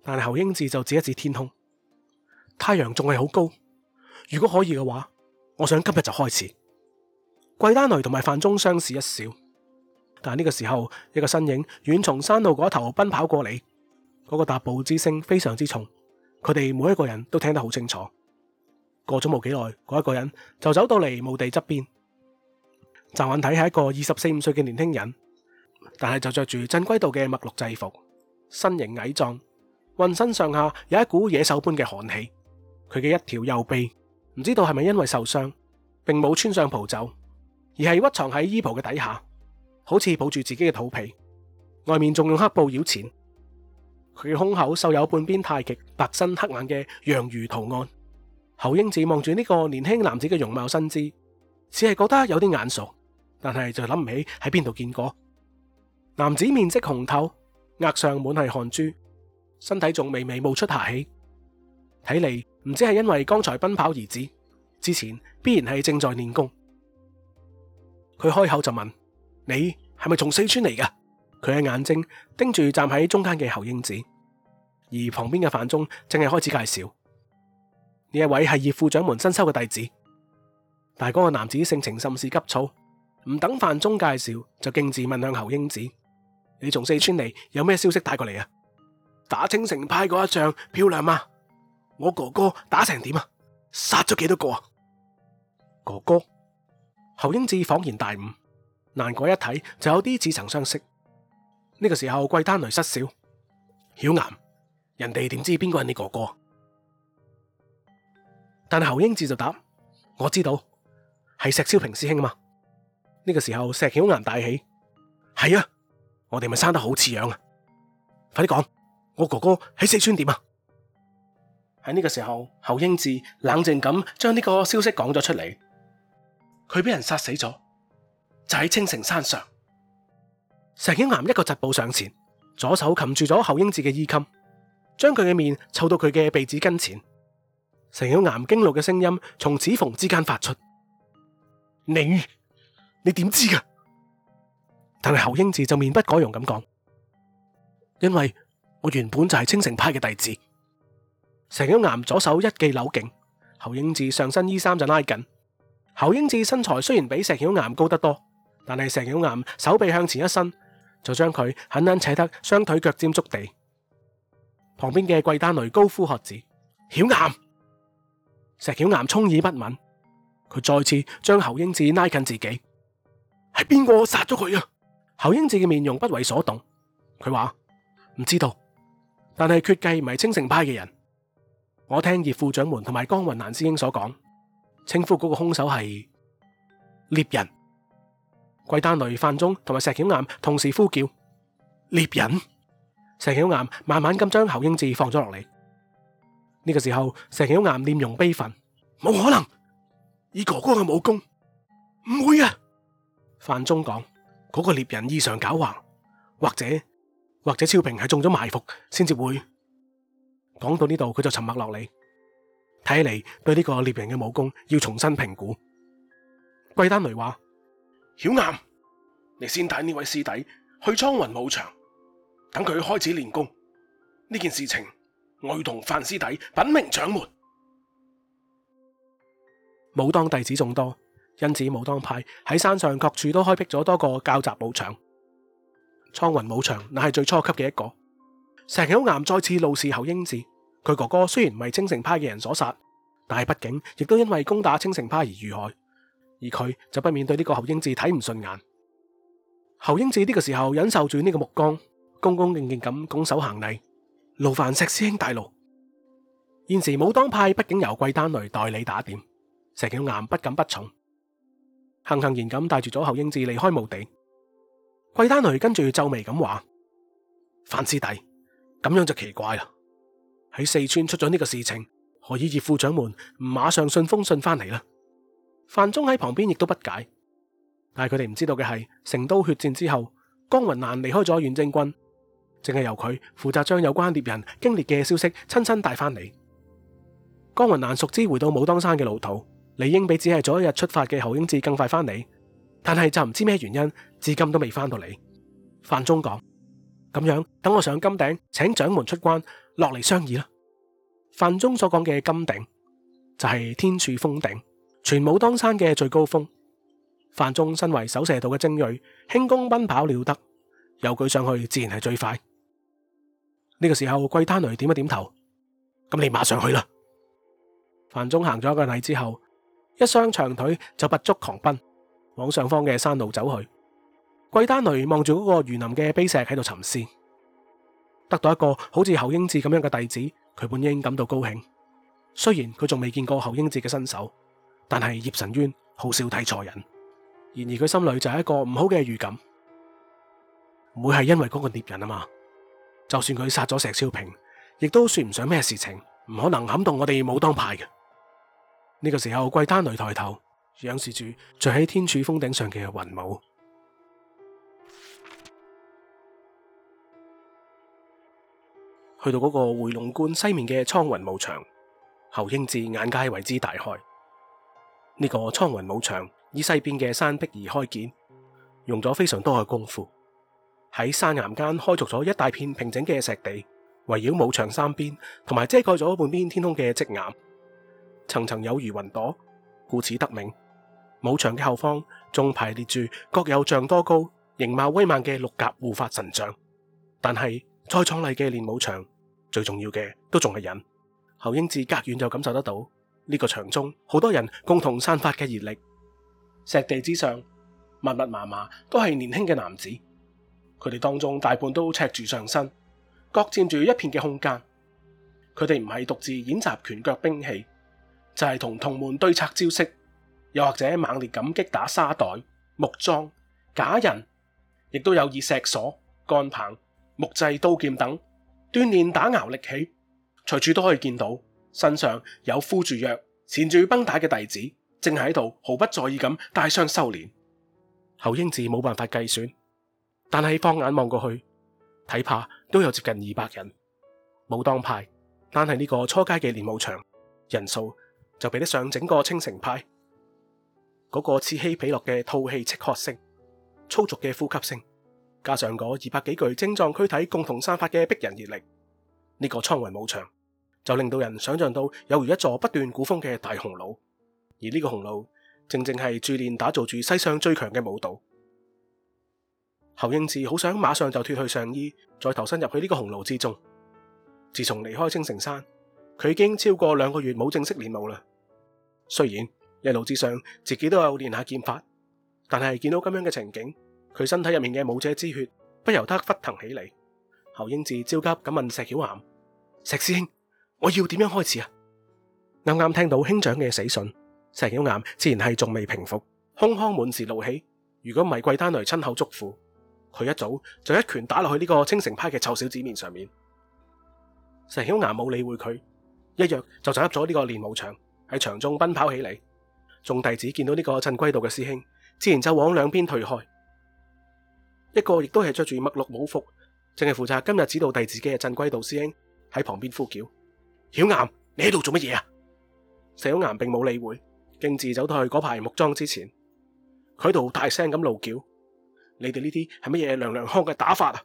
但係侯英智就指一指天空，太陽仲係好高。如果可以嘅話，我想今日就開始。桂丹雷同埋范中相視一笑。但呢個時候，一個身影遠從山路嗰一頭奔跑過嚟，嗰、那個踏步之聲非常之重，佢哋每一個人都聽得好清楚。過咗冇幾耐，嗰一個人就走到嚟墓地側邊，乍眼睇係一個二十四五歲嘅年輕人，但係就着住鎮圭度嘅墨綠制服，身形矮壯，渾身上下有一股野獸般嘅寒氣。佢嘅一條右臂唔知道係咪因為受傷，並冇穿上袍袖，而係屈藏喺衣袍嘅底下。好似抱住自己嘅肚皮，外面仲用黑布繞纏。佢胸口繡有半邊太極，白身黑眼嘅陽魚圖案。侯英子望住呢個年輕男子嘅容貌身姿，只係覺得有啲眼熟，但係就諗唔起喺邊度見過。男子面色紅透，額上滿係汗珠，身體仲微微冒出霞氣，睇嚟唔止係因為剛才奔跑而至，之前必然係正在練功。佢開口就問。你係咪從四川嚟㗎？佢嘅眼睛盯住站喺中間嘅侯英子，而旁邊嘅范中，正係開始介紹呢一位係葉副掌門新收嘅弟子。但係嗰個男子性情甚是急躁，唔等范中介紹就徑自問向侯英子：你從四川嚟有咩消息帶過嚟啊？打青城派嗰一仗漂亮嗎啊？我哥哥打成點啊？殺咗幾多個啊？哥哥，侯英子恍然大悟。難怪一睇就有啲似曾相識。呢個時候，桂丹雷失笑，曉岩，人哋點知邊個係你哥哥？但係侯英智就答：我知道，係石超平師兄啊嘛。呢個時候，石曉岩大喜：係啊，我哋咪生得好似樣啊！快啲講，我哥哥喺四川點啊？喺呢個時候，侯英智冷靜咁將呢個消息講咗出嚟，佢俾人殺死咗。就喺青城山上，石曉岩一個疾步上前，左手擒住咗侯英志嘅衣襟，將佢嘅面湊到佢嘅鼻子跟前。石曉岩驚怒嘅聲音從指縫之間發出：你你點知㗎？但係侯英志就面不改容咁講，因為我原本就係青城派嘅弟子。石曉岩左手一記扭頸，侯英志上身衣衫就拉緊。侯英志身材雖然比石曉岩高得多。但係石曉岩手臂向前一伸，就將佢狠狠扯得雙腿腳尖觸地。旁邊嘅桂丹雷高呼喝止：曉岩，石曉岩充耳不聞。佢再次將侯英智拉近自己。係邊個殺咗佢啊？侯英智嘅面容不為所動。佢話唔知道，但係決計唔係青城派嘅人。我聽葉副掌門同埋江雲蘭師兄所講，稱呼嗰個兇手係獵人。桂丹雷、范中同埋石巧岩同時呼叫獵人。石巧岩慢慢咁將侯英志放咗落嚟。呢、這個時候，石巧岩臉容悲憤，冇可能以哥哥嘅武功唔會啊！范中講：嗰、那個獵人異常狡猾，或者或者超平係中咗埋伏先至會。講到呢度，佢就沉默落嚟。睇嚟對呢個獵人嘅武功要重新評估。桂丹雷話。曉岩，你先帶呢位師弟去蒼雲武場，等佢開始練功。呢件事情我要同范師弟稟明掌門。武當弟子眾多，因此武當派喺山上各處都開闢咗多個教習武場。蒼雲武場乃係最初級嘅一個。石曉岩再次怒視侯英子，佢哥哥雖然唔係青城派嘅人所殺，但係畢竟亦都因為攻打青城派而遇害。而佢就不免對呢個侯英智睇唔順眼。侯英智呢個時候忍受住呢個目光，恭恭敬敬咁拱手行禮，勞煩石師兄帶路。現時武當派畢竟由桂丹雷代理打點，石小岩不敢不從，悻悻然咁帶住咗侯英智離開墓地。桂丹雷跟住皺眉咁話：范師弟，咁樣就奇怪啦。喺四川出咗呢個事情，何以葉副掌門唔馬上信封信翻嚟啦？范中喺旁邊亦都不解，但係佢哋唔知道嘅係成都血戰之後，江雲蘭離開咗遠征軍，淨係由佢負責將有關獵人經歷嘅消息親身帶翻嚟。江雲蘭熟知回到武當山嘅路途，理應比只係早一日出發嘅侯英志更快翻嚟，但係就唔知咩原因，至今都未翻到嚟。范中講：咁樣等我上金頂，請掌門出關，落嚟商議啦。范中所講嘅金頂，就係天柱峰頂。全武當山嘅最高峰，范仲身為守射道嘅精銳，輕功奔跑了得，由佢上去自然係最快。呢、這個時候，桂丹雷點一點頭，咁你馬上去啦。范仲行咗一個禮之後，一雙長腿就拔足狂奔，往上方嘅山路走去。桂丹雷望住嗰個園林嘅碑石喺度沉思，得到一個好似侯英智咁樣嘅弟子，佢本應感到高興。雖然佢仲未見過侯英智嘅身手。但係葉辰淵好少睇錯人，然而佢心裏就係一個唔好嘅預感，唔會係因為嗰個獵人啊嘛。就算佢殺咗石超平，亦都算唔上咩事情，唔可能撼動我哋武當派嘅。呢、這個時候，桂丹雷抬頭仰視住住喺天柱峰頂上嘅雲霧，去到嗰個回龍觀西面嘅蒼雲霧場，侯英志眼界為之大開。呢個蒼雲武場以西邊嘅山壁而開建，用咗非常多嘅功夫，喺山岩間開鑿咗一大片平整嘅石地，圍繞武場三邊，同埋遮蓋咗半邊天空嘅積岩，層層有如雲朵，故此得名。武場嘅後方仲排列住各有丈多高、形貌威猛嘅六甲護法神像。但係再壯麗嘅練武場，最重要嘅都仲係人。侯英智隔遠就感受得到。呢個場中，好多人共同散發嘅熱力。石地之上，密密麻麻都係年輕嘅男子。佢哋當中大半都赤住上身，各佔住一片嘅空間。佢哋唔係獨自演習拳腳兵器，就係、是、同同門對拆招式，又或者猛烈咁擊打沙袋、木樁、假人，亦都有以石鎖、干棒、木製刀劍等鍛煉打熬力氣。隨處都可以見到。身上有敷住藥、纏住繃帶嘅弟子，正喺度毫不在意咁帶傷修練。侯英志冇辦法計算，但係放眼望過去，睇怕都有接近二百人。武當派，單係呢個初階嘅練武場人數就比得上整個青城派。嗰個此起彼落嘅吐氣斥喝聲、粗俗嘅呼吸聲，加上嗰二百幾具精壯軀體共同散發嘅逼人熱力，呢個蒼雲武場，就令到人想象到有如一座不斷鼓風嘅大紅爐，而呢個紅爐正正係鑄煉打造住世上最強嘅武道。侯英志好想馬上就脫去上衣，再投身入去呢個紅爐之中。自從離開青城山，佢已經超過兩個月冇正式練武啦。雖然一路之上自己都有練下劍法，但係見到咁樣嘅情景，佢身體入面嘅武者之血不由得沸騰起嚟。侯英志焦急咁問石曉岩：石師兄。我要點樣開始啊？啱啱聽到兄長嘅死訊，石曉岩自然係仲未平復，胸腔滿是怒氣。如果唔係桂丹雷親口囑咐，佢一早就一拳打落去呢個青城派嘅臭小子面上面。石曉岩冇理會佢，一躍就走入咗呢個練武場，喺場中奔跑起嚟。眾弟子見到呢個鎮圭道嘅師兄，自然就往兩邊退開。一個亦都係着住墨綠武服，淨係負責今日指導弟子嘅鎮圭道師兄喺旁邊呼叫。曉岩，你喺度做乜嘢啊？石曉岩並冇理會，徑自走到去嗰排木樁之前，佢度大聲咁怒叫：你哋呢啲係乜嘢娘娘腔嘅打法啊？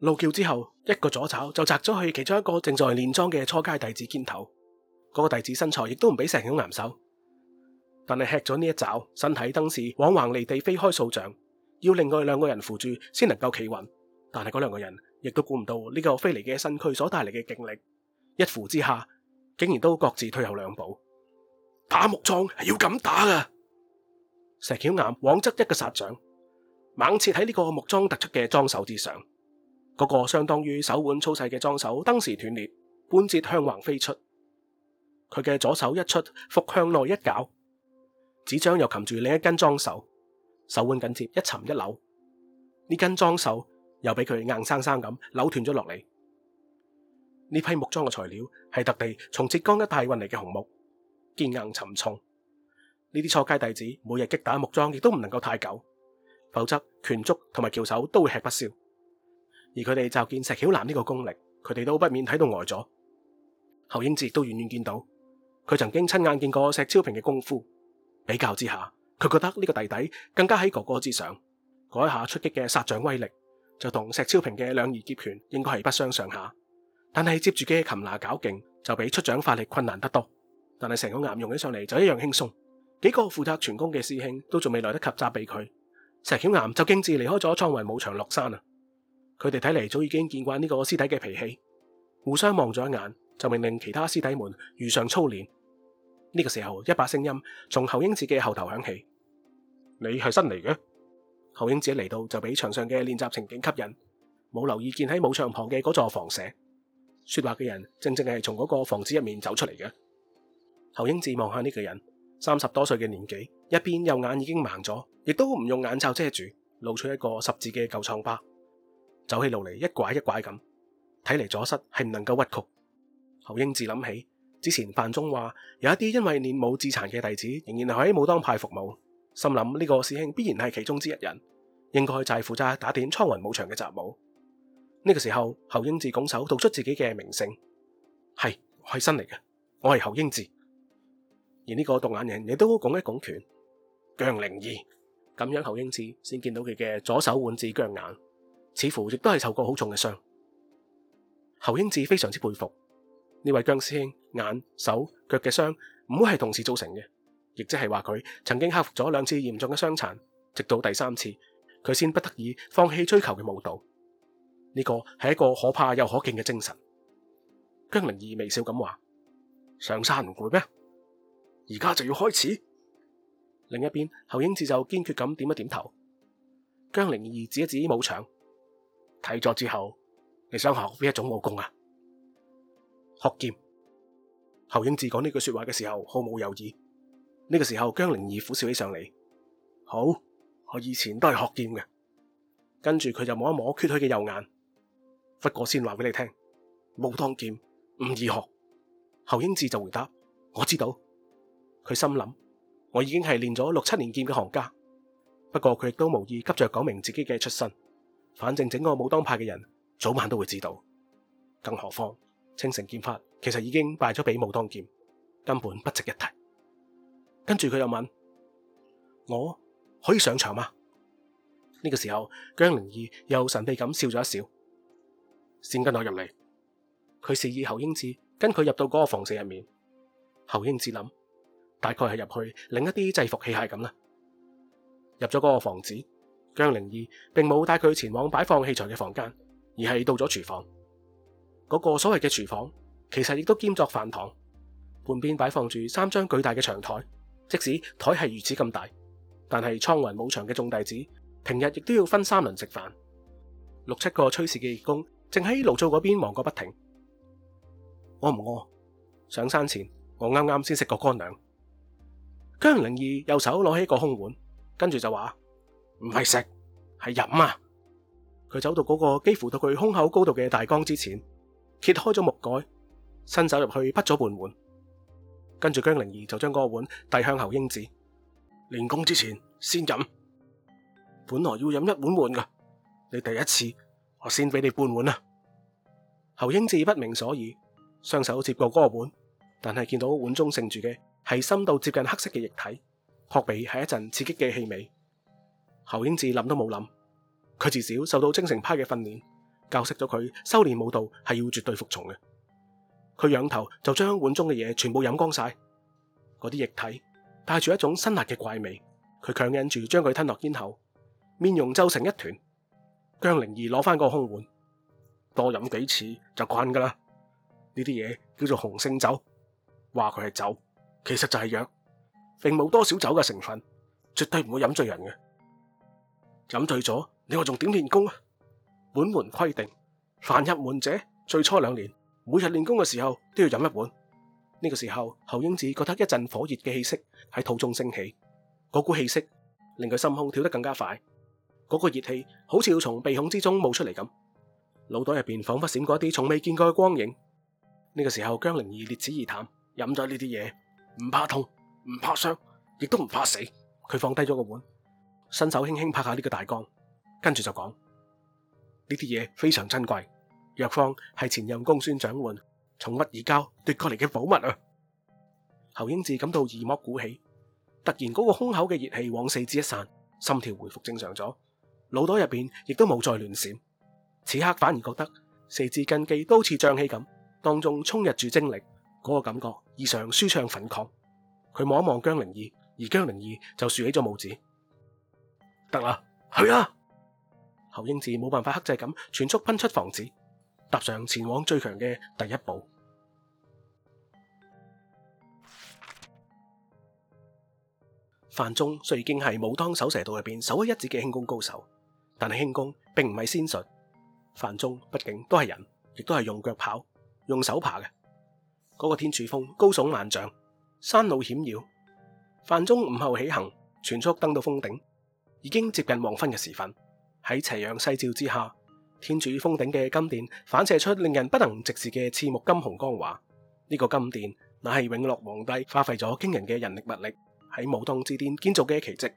怒叫之後，一個左爪就摘咗去其中一個正在練樁嘅初階弟子肩頭，嗰個弟子身材亦都唔比石曉岩手，但係吃咗呢一爪，身體登時往橫離地飛開數丈，要另外兩個人扶住先能夠企穩。但係嗰兩個人亦都估唔到呢個飛離嘅身軀所帶嚟嘅勁力。一扶之下，竟然都各自退後兩步。打木樁係要咁打噶。石曉岩往側一個殺掌，猛切喺呢個木樁突出嘅樁手之上，嗰、那個相當於手腕粗細嘅樁手登時斷裂，半截向橫飛出。佢嘅左手一出，腹向內一絞，只將又擒住另一根樁手，手腕緊接一沉一扭，呢根樁手又俾佢硬生生咁扭斷咗落嚟。呢批木樁嘅材料係特地從浙江一帶運嚟嘅紅木，堅硬沉重。呢啲初階弟子每日擊打木樁，亦都唔能夠太久，否則拳足同埋橋手都會吃不消。而佢哋就見石曉南呢個功力，佢哋都不免睇到呆咗。侯英哲都遠遠見到，佢曾經親眼見過石超平嘅功夫，比較之下，佢覺得呢個弟弟更加喺哥哥之上。嗰一下出擊嘅殺掌威力，就同石超平嘅兩儀劫拳應該係不相上下。但係接住嘅擒拿搞勁就比出掌發力困難得多，但係石曉巖用起上嚟就一樣輕鬆。幾個負責全功嘅師兄都仲未來得及責備佢，石曉巖就徑自離開咗蒼雲武場落山啦。佢哋睇嚟早已經見慣呢個師弟嘅脾氣，互相望咗一眼，就命令其他師弟們如常操練。呢、這個時候，一把聲音從侯英子嘅後頭響起：你係新嚟嘅。侯英子嚟到就俾場上嘅練習情景吸引，冇留意見喺武場旁嘅嗰座房舍。說話嘅人正正係從嗰個房子入面走出嚟嘅。侯英志望下呢個人，三十多歲嘅年紀，一邊右眼已經盲咗，亦都唔用眼罩遮住，露出一個十字嘅舊瘡疤，走起路嚟一拐一拐咁，睇嚟左膝係唔能夠屈曲。侯英志諗起之前范仲話有一啲因為練武致殘嘅弟子仍然係喺武當派服務，心諗呢個師兄必然係其中之一人，應該就係負責打點蒼雲武場嘅雜務。呢個時候，侯英志拱手道出自己嘅名姓，係係新嚟嘅，我係侯英志。而呢個獨眼人亦都拱一拱拳，姜靈怡。咁樣，侯英志先見到佢嘅左手腕至姜眼，似乎亦都係受過好重嘅傷。侯英志非常之佩服，呢位姜師兄眼、手、腳嘅傷唔會係同時造成嘅，亦即係話佢曾經克服咗兩次嚴重嘅傷殘，直到第三次，佢先不得已放棄追求嘅武道。呢個係一個可怕又可敬嘅精神。姜靈兒微笑咁話：上山唔攰咩？而家就要開始。另一邊，侯英智就堅決咁點一點頭。姜靈兒指一指武場，睇咗之後，你想學邊一種武功啊？學劍。侯英智講呢句說話嘅時候，毫無猶豫。呢、這個時候，姜靈兒苦笑起上嚟。好，我以前都係學劍嘅。跟住佢就摸一摸缺去嘅右眼。不過先話俾你聽，武當劍唔易學。侯英智就回答：我知道。佢心諗，我已經係練咗六七年劍嘅行家。不過佢亦都無意急着講明自己嘅出身，反正整個武當派嘅人早晚都會知道。更何況，青城劍法其實已經敗咗俾武當劍，根本不值一提。跟住佢又問：我可以上場嗎？呢個時候，姜靈兒又神秘咁笑咗一笑。先跟我入嚟，佢示意侯英智跟佢入到嗰個房舍入面。侯英智諗，大概係入去領一啲制服器械咁啦。入咗嗰個房子，姜靈兒並冇帶佢前往擺放器材嘅房間，而係到咗廚房。嗰個所謂嘅廚房，其實亦都兼作飯堂，半邊擺放住三張巨大嘅長台。即使台係如此咁大，但係蒼雲武場嘅眾弟子平日亦都要分三輪食飯，六七個炊事嘅義工。淨喺爐灶嗰邊忙個不停，我唔餓，上山前我啱啱先食過乾糧。姜靈兒右手攞起一個空碗，跟住就話唔係食係飲啊！佢走到嗰個幾乎到佢胸口高度嘅大缸之前，揭開咗木蓋，伸手入去滗咗半碗，跟住姜靈兒就將嗰個碗遞向侯英子。練功之前先飲，本來要飲一碗半嘅，你第一次，我先俾你半碗啦。侯英志不明所以，雙手接過嗰個碗，但係見到碗中盛住嘅係深度接近黑色嘅液體，撲鼻係一陣刺激嘅氣味。侯英志諗都冇諗，佢自小受到精誠派嘅訓練，教識咗佢修煉武道係要絕對服從嘅。佢仰頭就將碗中嘅嘢全部飲光晒，嗰啲液體帶住一種辛辣嘅怪味，佢強忍住將佢吞落咽喉，面容皺成一團。姜靈兒攞翻個空碗。多飲幾次就慣噶啦，呢啲嘢叫做雄性酒，話佢係酒，其實就係藥，並冇多少酒嘅成分，絕對唔會飲醉人嘅。飲醉咗，你我仲點練功啊？本門規定，凡入門者，最初兩年，每日練功嘅時候都要飲一碗。呢個時候，侯英子覺得一陣火熱嘅氣息喺肚中升起，嗰股氣息令佢心胸跳得更加快，嗰個熱氣好似要從鼻孔之中冒出嚟咁。腦袋入邊仿佛閃過一啲從未見過嘅光影。呢個時候，姜靈兒烈紫而淡，飲咗呢啲嘢，唔怕痛，唔怕傷，亦都唔怕死。佢放低咗個碗，伸手輕輕拍下呢個大缸，跟住就講：呢啲嘢非常珍貴，藥方係前任公孫掌換從乜而交奪過嚟嘅寶物啊！侯英智感到耳膜鼓起，突然嗰個胸口嘅熱氣往四肢一散，心跳回復正常咗，腦袋入邊亦都冇再亂閃。此刻反而覺得四肢根基都似脹氣咁，當中充溢住精力，嗰、那個感覺異常舒暢奮亢。佢望一望姜玲兒，而姜玲兒就豎起咗拇指。得啦，去啦！侯英志冇辦法克制咁，全速奔出房子，踏上前往最強嘅第一步。 范仲雖已經係武當手蛇道入邊首屈一指嘅輕功高手，但係輕功並唔係仙術。范宗畢竟都係人，亦都係用腳跑，用手爬嘅。嗰、那個天柱峰高聳萬丈，山路險要。范宗午後起行，全速登到峰頂，已經接近黃昏嘅時分。喺斜陽西照之下，天柱峰頂嘅金殿反射出令人不能直視嘅刺目金紅光華。呢、這個金殿乃係永樂皇帝花費咗驚人嘅人力物力，喺武當之巔建造嘅奇跡。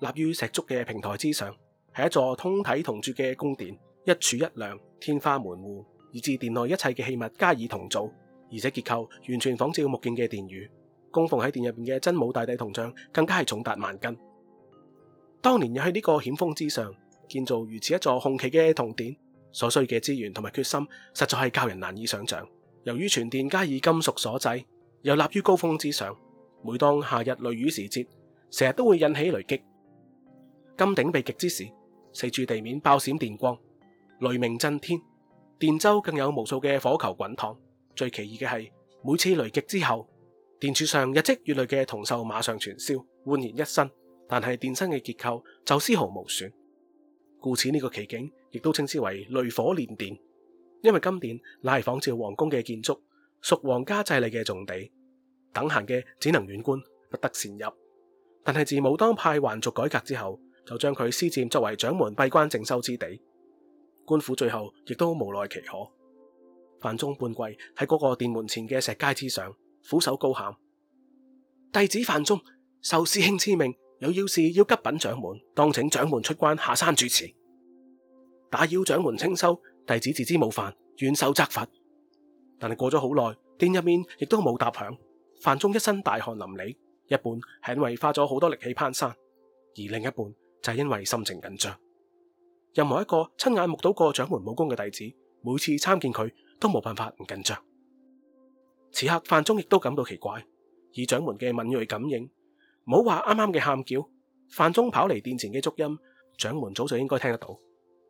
立於石柱嘅平台之上，係一座通體銅鑄嘅宮殿。一柱一梁，天花門戶，以至殿內一切嘅器物皆以銅造，而且結構完全仿照木建嘅殿宇。供奉喺殿入邊嘅真武大帝銅像，更加係重達萬斤。當年又喺呢個險峰之上建造如此一座雄奇嘅銅殿，所需嘅資源同埋決心，實在係教人難以想象。由於全殿皆以金屬所製，又立於高峰之上，每當夏日雷雨時節，成日都會引起雷擊。金頂被擊之時，四處地面爆閃電光。雷鳴震天，殿周更有無數嘅火球滾燙。最奇異嘅係，每次雷擊之後，殿柱上日積月累嘅銅鏽馬上全燒，煥然一新。但係殿身嘅結構就絲毫無損。故此呢個奇景，亦都稱之為雷火煉殿。因為金殿乃係仿照皇宮嘅建築，屬皇家祭禮嘅重地，等閒嘅只能遠觀，不得擅入。但係自武當派還俗改革之後，就將佢私佔作為掌門閉關靜修之地。官府最後亦都無奈其可，范中半跪喺嗰個殿門前嘅石階之上，俯首高喊：弟子范中，受師兄之命，有要事要急稟掌門，當請掌門出關下山主持。打擾掌門清修，弟子自知冒犯，願受責罰。但係過咗好耐，殿入面亦都冇答響。范中一身大汗淋漓，一半係因為花咗好多力氣攀山，而另一半就係因為心情緊張。任何一個親眼目睹過掌門武功嘅弟子，每次參見佢都冇辦法唔緊張。此刻范中亦都感到奇怪，以掌門嘅敏銳感應，唔好話啱啱嘅喊叫，范中跑嚟殿前嘅足音，掌門早就應該聽得到。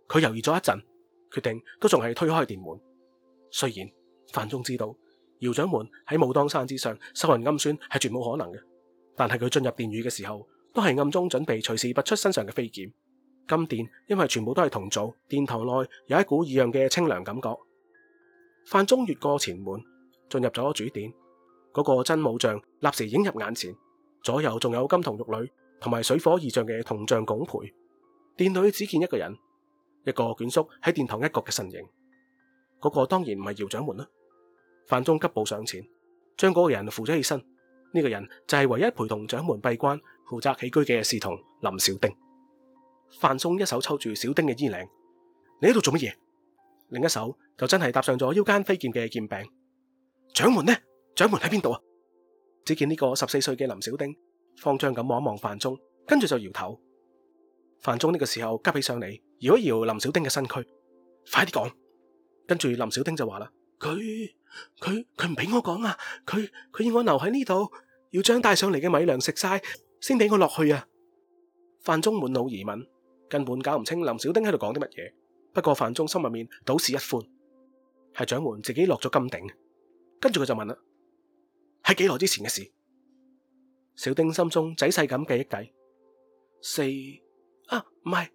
佢猶豫咗一陣，決定都仲係推開殿門。雖然范中知道姚掌門喺武當山之上受人暗算係絕冇可能嘅，但係佢進入殿宇嘅時候，都係暗中準備隨時拔出身上嘅飛劍。金殿因為全部都係銅造，殿堂內有一股異樣嘅清涼感覺。范中越過前門，進入咗主殿。嗰、那個真武像立時映入眼前，左右仲有金童玉女同埋水火二象嘅銅像拱培。殿裏只見一個人，一個卷縮喺殿堂一角嘅身影。嗰、那個當然唔係姚掌門啦。范中急步上前，將嗰個人扶咗起身。呢、這個人就係唯一陪同掌門閉關、負責起居嘅侍童林小丁。范中一手抽住小丁嘅衣領，你喺度做乜嘢？另一手就真係搭上咗腰間飛劍嘅劍柄。掌門呢？掌門喺邊度啊？只見呢個十四歲嘅林小丁慌張咁望一望范中，跟住就搖頭。范中呢個時候急起上嚟，搖一搖林小丁嘅身軀，快啲講。跟住林小丁就話啦：佢佢佢唔俾我講啊！佢佢要我留喺呢度，要將帶上嚟嘅米糧食晒先俾我落去啊！范中滿腦疑問。根本搞唔清林小丁喺度講啲乜嘢，不過范中心入面倒是一寬，係掌門自己落咗金頂，跟住佢就問啦：係幾耐之前嘅事？小丁心中仔細咁記憶底，四啊唔係，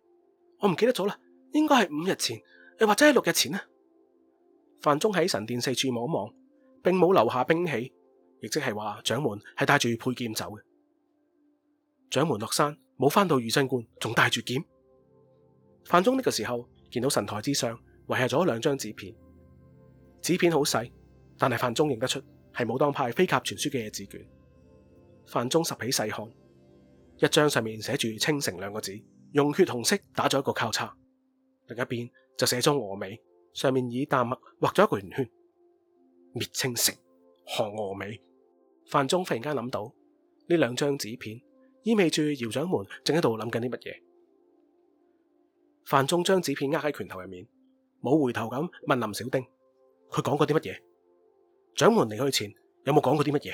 我唔記得咗啦，應該係五日前，又或者係六日前啦。范中喺神殿四處望望，並冇留下兵器，亦即係話掌門係帶住佩劍走嘅。掌門落山冇翻到御真觀，仲帶住劍。范中呢個時候見到神台之上遺下咗兩張紙片，紙片好細，但係范中認得出係武當派飛鴿傳書嘅紙卷。范中拾起細看，一張上面寫住“青城”兩個字，用血紅色打咗一個交叉，另一邊就寫咗峨眉，上面以淡墨畫咗一個圓圈。滅青城，降峨眉。范中忽然間諗到呢兩張紙片，意味住姚掌門正喺度諗緊啲乜嘢。范中將紙片握喺拳頭入面，冇回頭咁問林小丁：佢講過啲乜嘢？掌門離去前有冇講過啲乜嘢？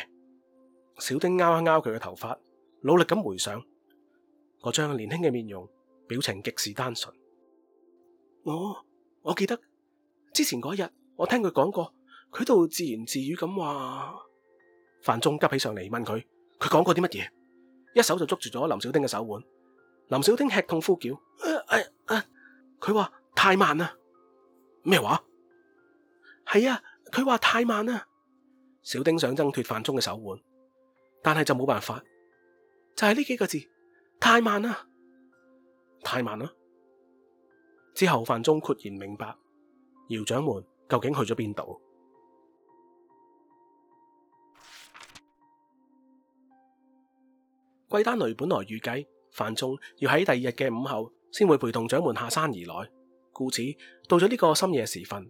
小丁撓一撓佢嘅頭髮，努力咁回想：嗰張年輕嘅面容，表情極是單純。我我記得之前嗰日，我聽佢講過，佢度自言自語咁話。范中急起上嚟問佢：佢講過啲乜嘢？一手就捉住咗林小丁嘅手腕。林小丁吃痛呼叫，佢、啊、話、啊啊、太慢啦！咩話？係啊，佢話太慢啦！小丁想掙脫范中嘅手腕，但係就冇辦法。就係、是、呢幾個字，太慢啦，太慢啦！之後范中豁然明白，姚掌門究竟去咗邊度？桂丹雷本來預計。范中要喺第二日嘅午後先會陪同掌門下山而來，故此到咗呢個深夜時分，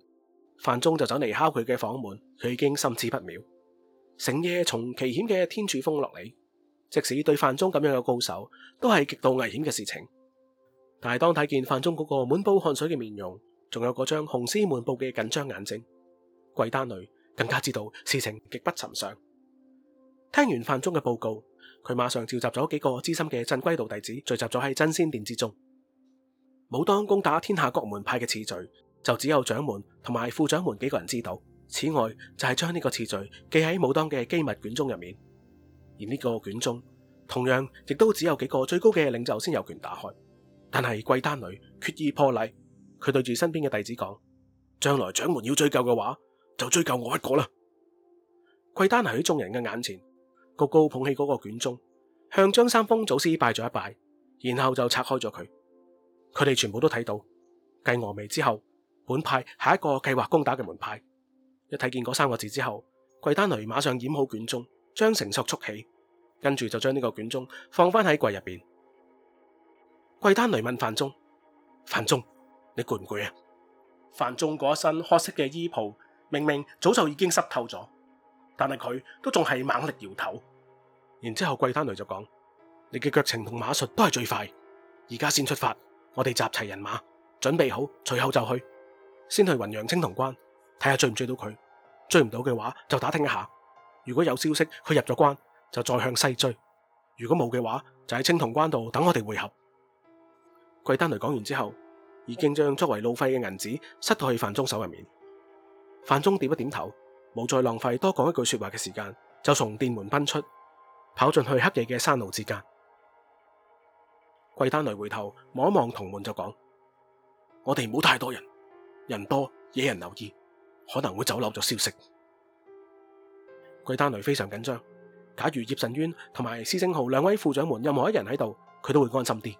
范中就走嚟敲佢嘅房門，佢已經心知不妙。成夜從奇險嘅天柱峰落嚟，即使對范中咁樣嘅高手，都係極度危險嘅事情。但係當睇見范中嗰個滿布汗水嘅面容，仲有嗰張紅絲滿布嘅緊張眼睛，桂丹女更加知道事情極不尋常。聽完范中嘅報告。佢馬上召集咗幾個資深嘅鎮圭道弟子聚集咗喺真仙殿之中。武當攻打天下各門派嘅次序，就只有掌門同埋副掌門幾個人知道。此外，就係將呢個次序記喺武當嘅機密卷宗入面。而呢個卷宗同樣亦都只有幾個最高嘅領袖先有權打開。但係桂丹雷決意破例，佢對住身邊嘅弟子講：將來掌門要追究嘅話，就追究我一個啦。桂丹雷喺眾人嘅眼前。高高捧起嗰個卷宗，向張三豐祖師拜咗一拜，然後就拆開咗佢。佢哋全部都睇到，繼峨眉之後，本派下一個計劃攻打嘅門派。一睇見嗰三個字之後，桂丹雷馬上掩好卷宗，將繩索束起，跟住就將呢個卷宗放翻喺櫃入邊。桂丹雷問范中：「范中，你攰唔攰啊？范中嗰身褐色嘅衣袍明明早就已經濕透咗，但係佢都仲係猛力搖頭。然之後，桂丹雷就講：你嘅腳程同馬術都係最快，而家先出發。我哋集齊人馬，準備好，隨後就去。先去雲陽青銅關，睇下追唔追到佢。追唔到嘅話，就打聽一下。如果有消息，佢入咗關，就再向西追。如果冇嘅話，就喺青銅關度等我哋會合。桂丹雷講完之後，已經將作為路費嘅銀紙塞到去范中手入面。范中點一點頭，冇再浪費多講一句說話嘅時間，就從店門奔出。跑進去黑夜嘅山路之間，桂丹雷回頭望一望同門就講：我哋唔好太多人，人多惹人留意，可能會走漏咗消息。桂丹雷非常緊張，假如葉神淵同埋施星豪兩位副掌門任何一人喺度，佢都會安心啲。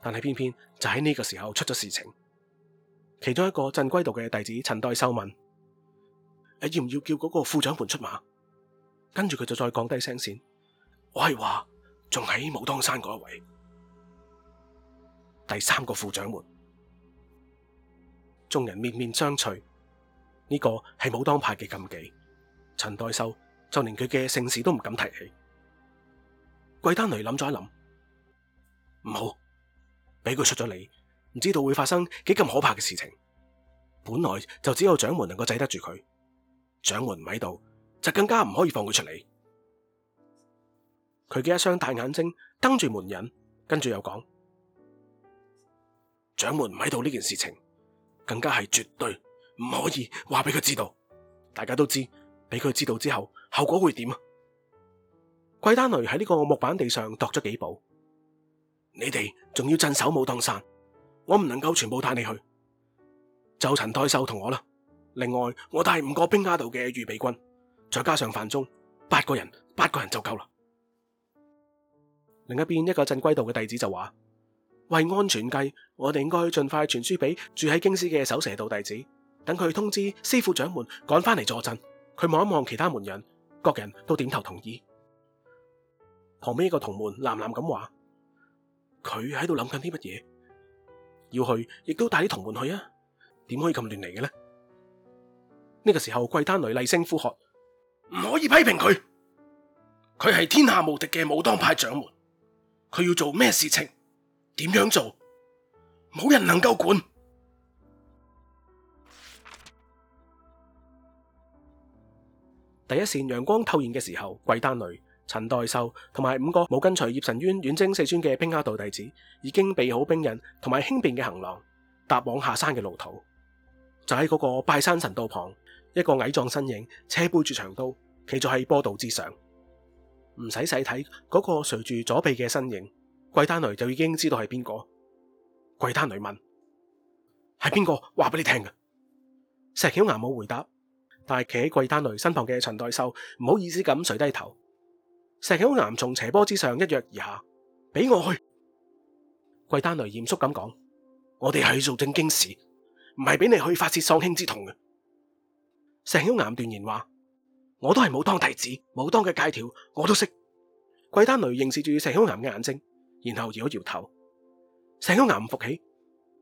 但係偏偏就喺呢個時候出咗事情，其中一個鎮歸道嘅弟子陳代修問：誒，要唔要叫嗰個副掌門出馬？跟住佢就再降低聲線。我係話仲喺武當山嗰一位第三個副掌門，眾人面面相覷。呢個係武當派嘅禁忌，陳代秀，就連佢嘅姓氏都唔敢提起。桂丹雷諗咗一諗，唔好俾佢出咗嚟，唔知道會發生幾咁可怕嘅事情。本來就只有掌門能夠制得住佢，掌門唔喺度，就更加唔可以放佢出嚟。佢嘅一雙大眼睛瞪住門人，跟住又講：掌門唔喺度呢件事情，更加係絕對唔可以話俾佢知道。大家都知俾佢知道之後後果會點啊！桂丹雷喺呢個木板地上度咗幾步，你哋仲要鎮守武當山，我唔能夠全部帶你去，就陳太秀同我啦。另外，我帶五個兵家道嘅預備軍，再加上范中八個人，八個人就夠啦。另一邊一個鎮圭道嘅弟子就話：為安全計，我哋應該盡快傳書俾住喺京師嘅守蛇道弟子，等佢通知師父掌門趕翻嚟助陣。佢望一望其他門人，各人都點頭同意。旁邊一個同門喃喃咁話：佢喺度諗緊啲乜嘢？要去亦都帶啲同門去啊？點可以咁亂嚟嘅呢？這」呢個時候，桂丹雷厲聲呼喝：唔可以批評佢，佢係天下無敵嘅武當派掌門。佢要做咩事情？點樣做？冇人能夠管。第一線陽光透現嘅時候，桂丹雷、陳代秀同埋五個冇跟隨葉神淵遠征四川嘅兵家道弟子，已經備好兵刃同埋輕便嘅行囊，踏往下山嘅路途。就喺嗰個拜山神道旁，一個矮壯身影斜背住長刀，企咗喺坡道之上。唔使細睇，嗰個垂住左臂嘅身影，桂丹雷就已經知道係邊個。桂丹雷問：係邊個話俾你聽嘅？石曉岩冇回答，但係企喺桂丹雷身旁嘅陳代秀唔好意思咁垂低頭。石曉岩從斜坡之上一躍而下，俾我去。桂丹雷嚴肅咁講：我哋係去做正經事，唔係俾你去發泄喪兄之痛嘅。石曉岩斷言話。我都係武當弟子，武當嘅戒條我都識。桂丹雷凝視住石小岩嘅眼睛，然後搖一搖頭。石小岩唔服氣，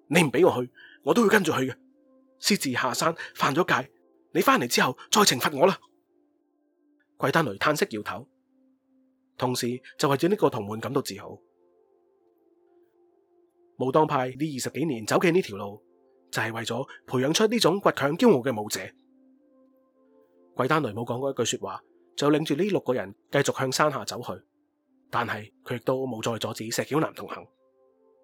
你唔俾我去，我都會跟住去嘅。私自下山犯咗戒，你翻嚟之後再懲罰我啦。桂丹雷嘆息搖頭，同時就為咗呢個同門感到自豪。武當派呢二十幾年走嘅呢條路，就係為咗培養出呢種倔強驕、驕傲嘅武者。鬼丹雷冇講過一句說話，就領住呢六個人繼續向山下走去。但係佢亦都冇再阻止石曉南同行。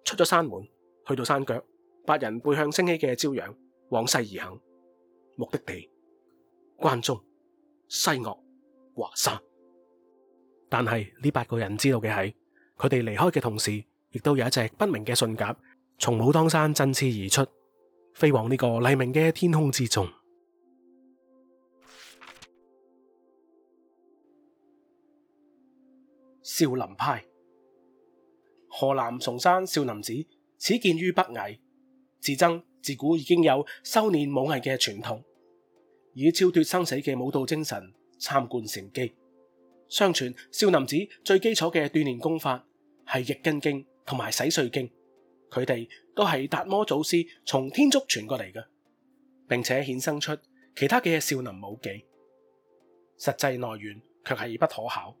出咗山門，去到山腳，八人背向升起嘅朝陽，往西而行。目的地：關中、西嶽、華山。但係呢八個人知道嘅係，佢哋離開嘅同時，亦都有一隻不明嘅信鴿，從武當山振翅而出，飛往呢個黎明嘅天空之中。少林派，河南嵩山少林寺始建於北魏，自增自古已經有修煉武藝嘅傳統，以超脱生死嘅武道精神參觀禪機。相傳少林寺最基礎嘅鍛煉功法係易筋經同埋洗髓經，佢哋都係達摩祖師從天竺傳過嚟嘅，並且衍生出其他嘅少林武技。實際來源卻係不可考。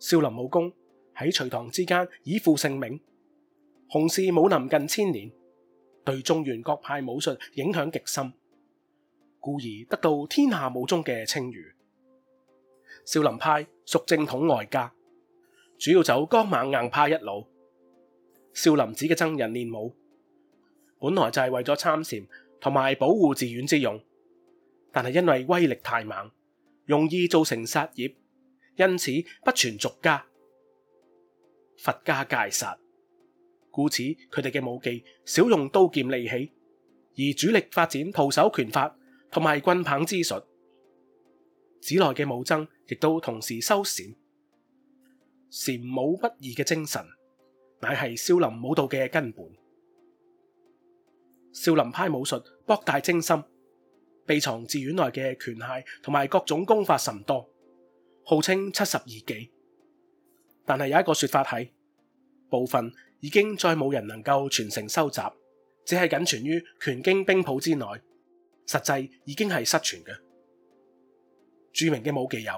少林武功喺隋唐之間已負盛名，雄視武林近千年，對中原各派武術影響極深，故而得到天下武宗嘅稱譽。少林派屬正統外家，主要走剛猛硬派一路。少林寺嘅僧人練武，本來就係為咗參禪同埋保護寺院之用，但係因為威力太猛，容易造成殺業。因此不傳俗家，佛家戒殺，故此佢哋嘅武技少用刀劍利器，而主力發展徒手拳法同埋棍棒之術。寺內嘅武僧亦都同時修禪，禪武不二嘅精神，乃係少林武道嘅根本。少林派武術博大精深，秘藏寺院內嘅拳械同埋各種功法甚多。號稱七十二技，但係有一個說法係，部分已經再冇人能夠傳承收集，只係僅存於《拳經兵譜》之內，實際已經係失傳嘅。著名嘅武技有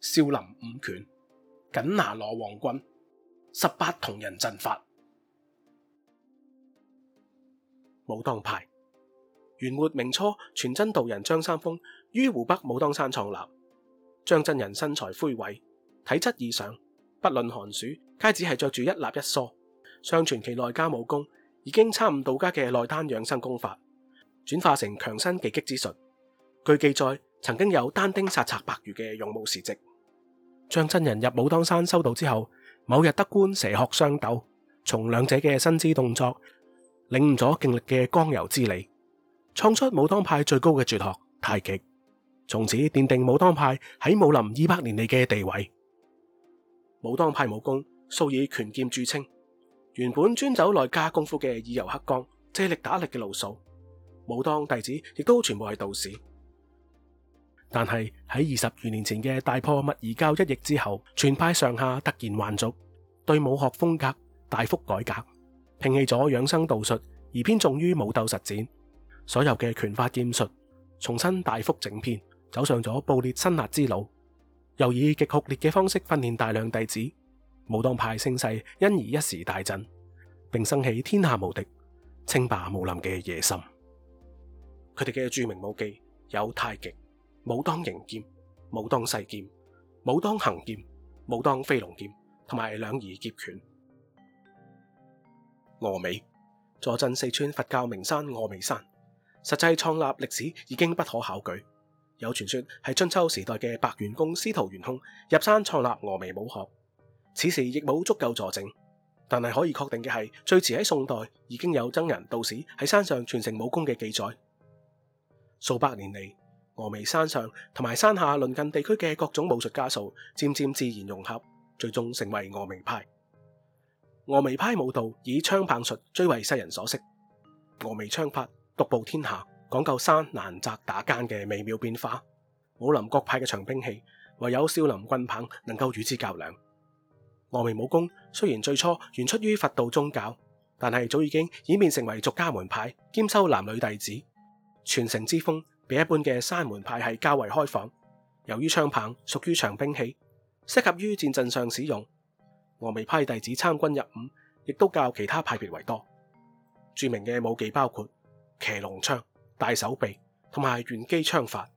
少林五拳、緊拿羅王棍、十八銅人陣法。武當派，元末明初，全真道人張三豐於湖北武當山創立。張真人身材魁偉，體質異常，不論寒暑，皆只係着住一笠一蓑。相傳其內家武功已經參悟道家嘅內丹養生功法，轉化成強身技擊之術。據記載，曾經有單丁殺賊百餘嘅勇武事跡。張真人入武當山修道之後，某日得觀蛇鶴相鬥，從兩者嘅身姿動作領悟咗勁力嘅剛柔之理，創出武當派最高嘅絕學太極。從此奠定武當派喺武林二百年嚟嘅地位。武當派武功素以拳劍著稱，原本專走內家功夫嘅以柔克剛、借力打力嘅路數。武當弟子亦都全部係道士。但係喺二十餘年前嘅大破密儀教一役之後，全派上下突然還俗，對武學風格大幅改革，摒棄咗養生道術，而偏重於武鬥實踐。所有嘅拳法劍術重新大幅整編。走上咗暴烈辛辣之路，又以極酷烈嘅方式訓練大量弟子，武當派聲勢因而一時大振，並生起天下無敵、稱霸武林嘅野心。佢哋嘅著名武技有太極、武當形劍、武當勢劍、武當行劍、武當飛龍劍同埋兩儀結拳。峨眉坐鎮四川佛教名山峨眉山，實際創立歷史已經不可考據。有傳說係春秋時代嘅白元公司徒玄空入山創立峨眉武學，此時亦冇足夠佐證。但係可以確定嘅係，最遲喺宋代已經有僧人道士喺山上傳承武功嘅記載。數百年嚟，峨眉山上同埋山下鄰近地區嘅各種武術家數，漸漸自然融合，最終成為峨眉派。峨眉派武道以槍棒術最為世人所識，峨眉槍法獨步天下。講究山難窄打間嘅微妙變化，武林各派嘅長兵器，唯有少林棍棒能夠與之較量。峨眉武功雖然最初源出於佛道宗教，但係早已經演變成為俗家門派，兼收男女弟子，傳承之風比一般嘅山門派系較為開放。由於槍棒屬於長兵器，適合於戰陣上使用，峨眉派弟子參軍入伍，亦都較其他派別為多。著名嘅武技包括騎龍槍。大手臂同埋玄機槍法。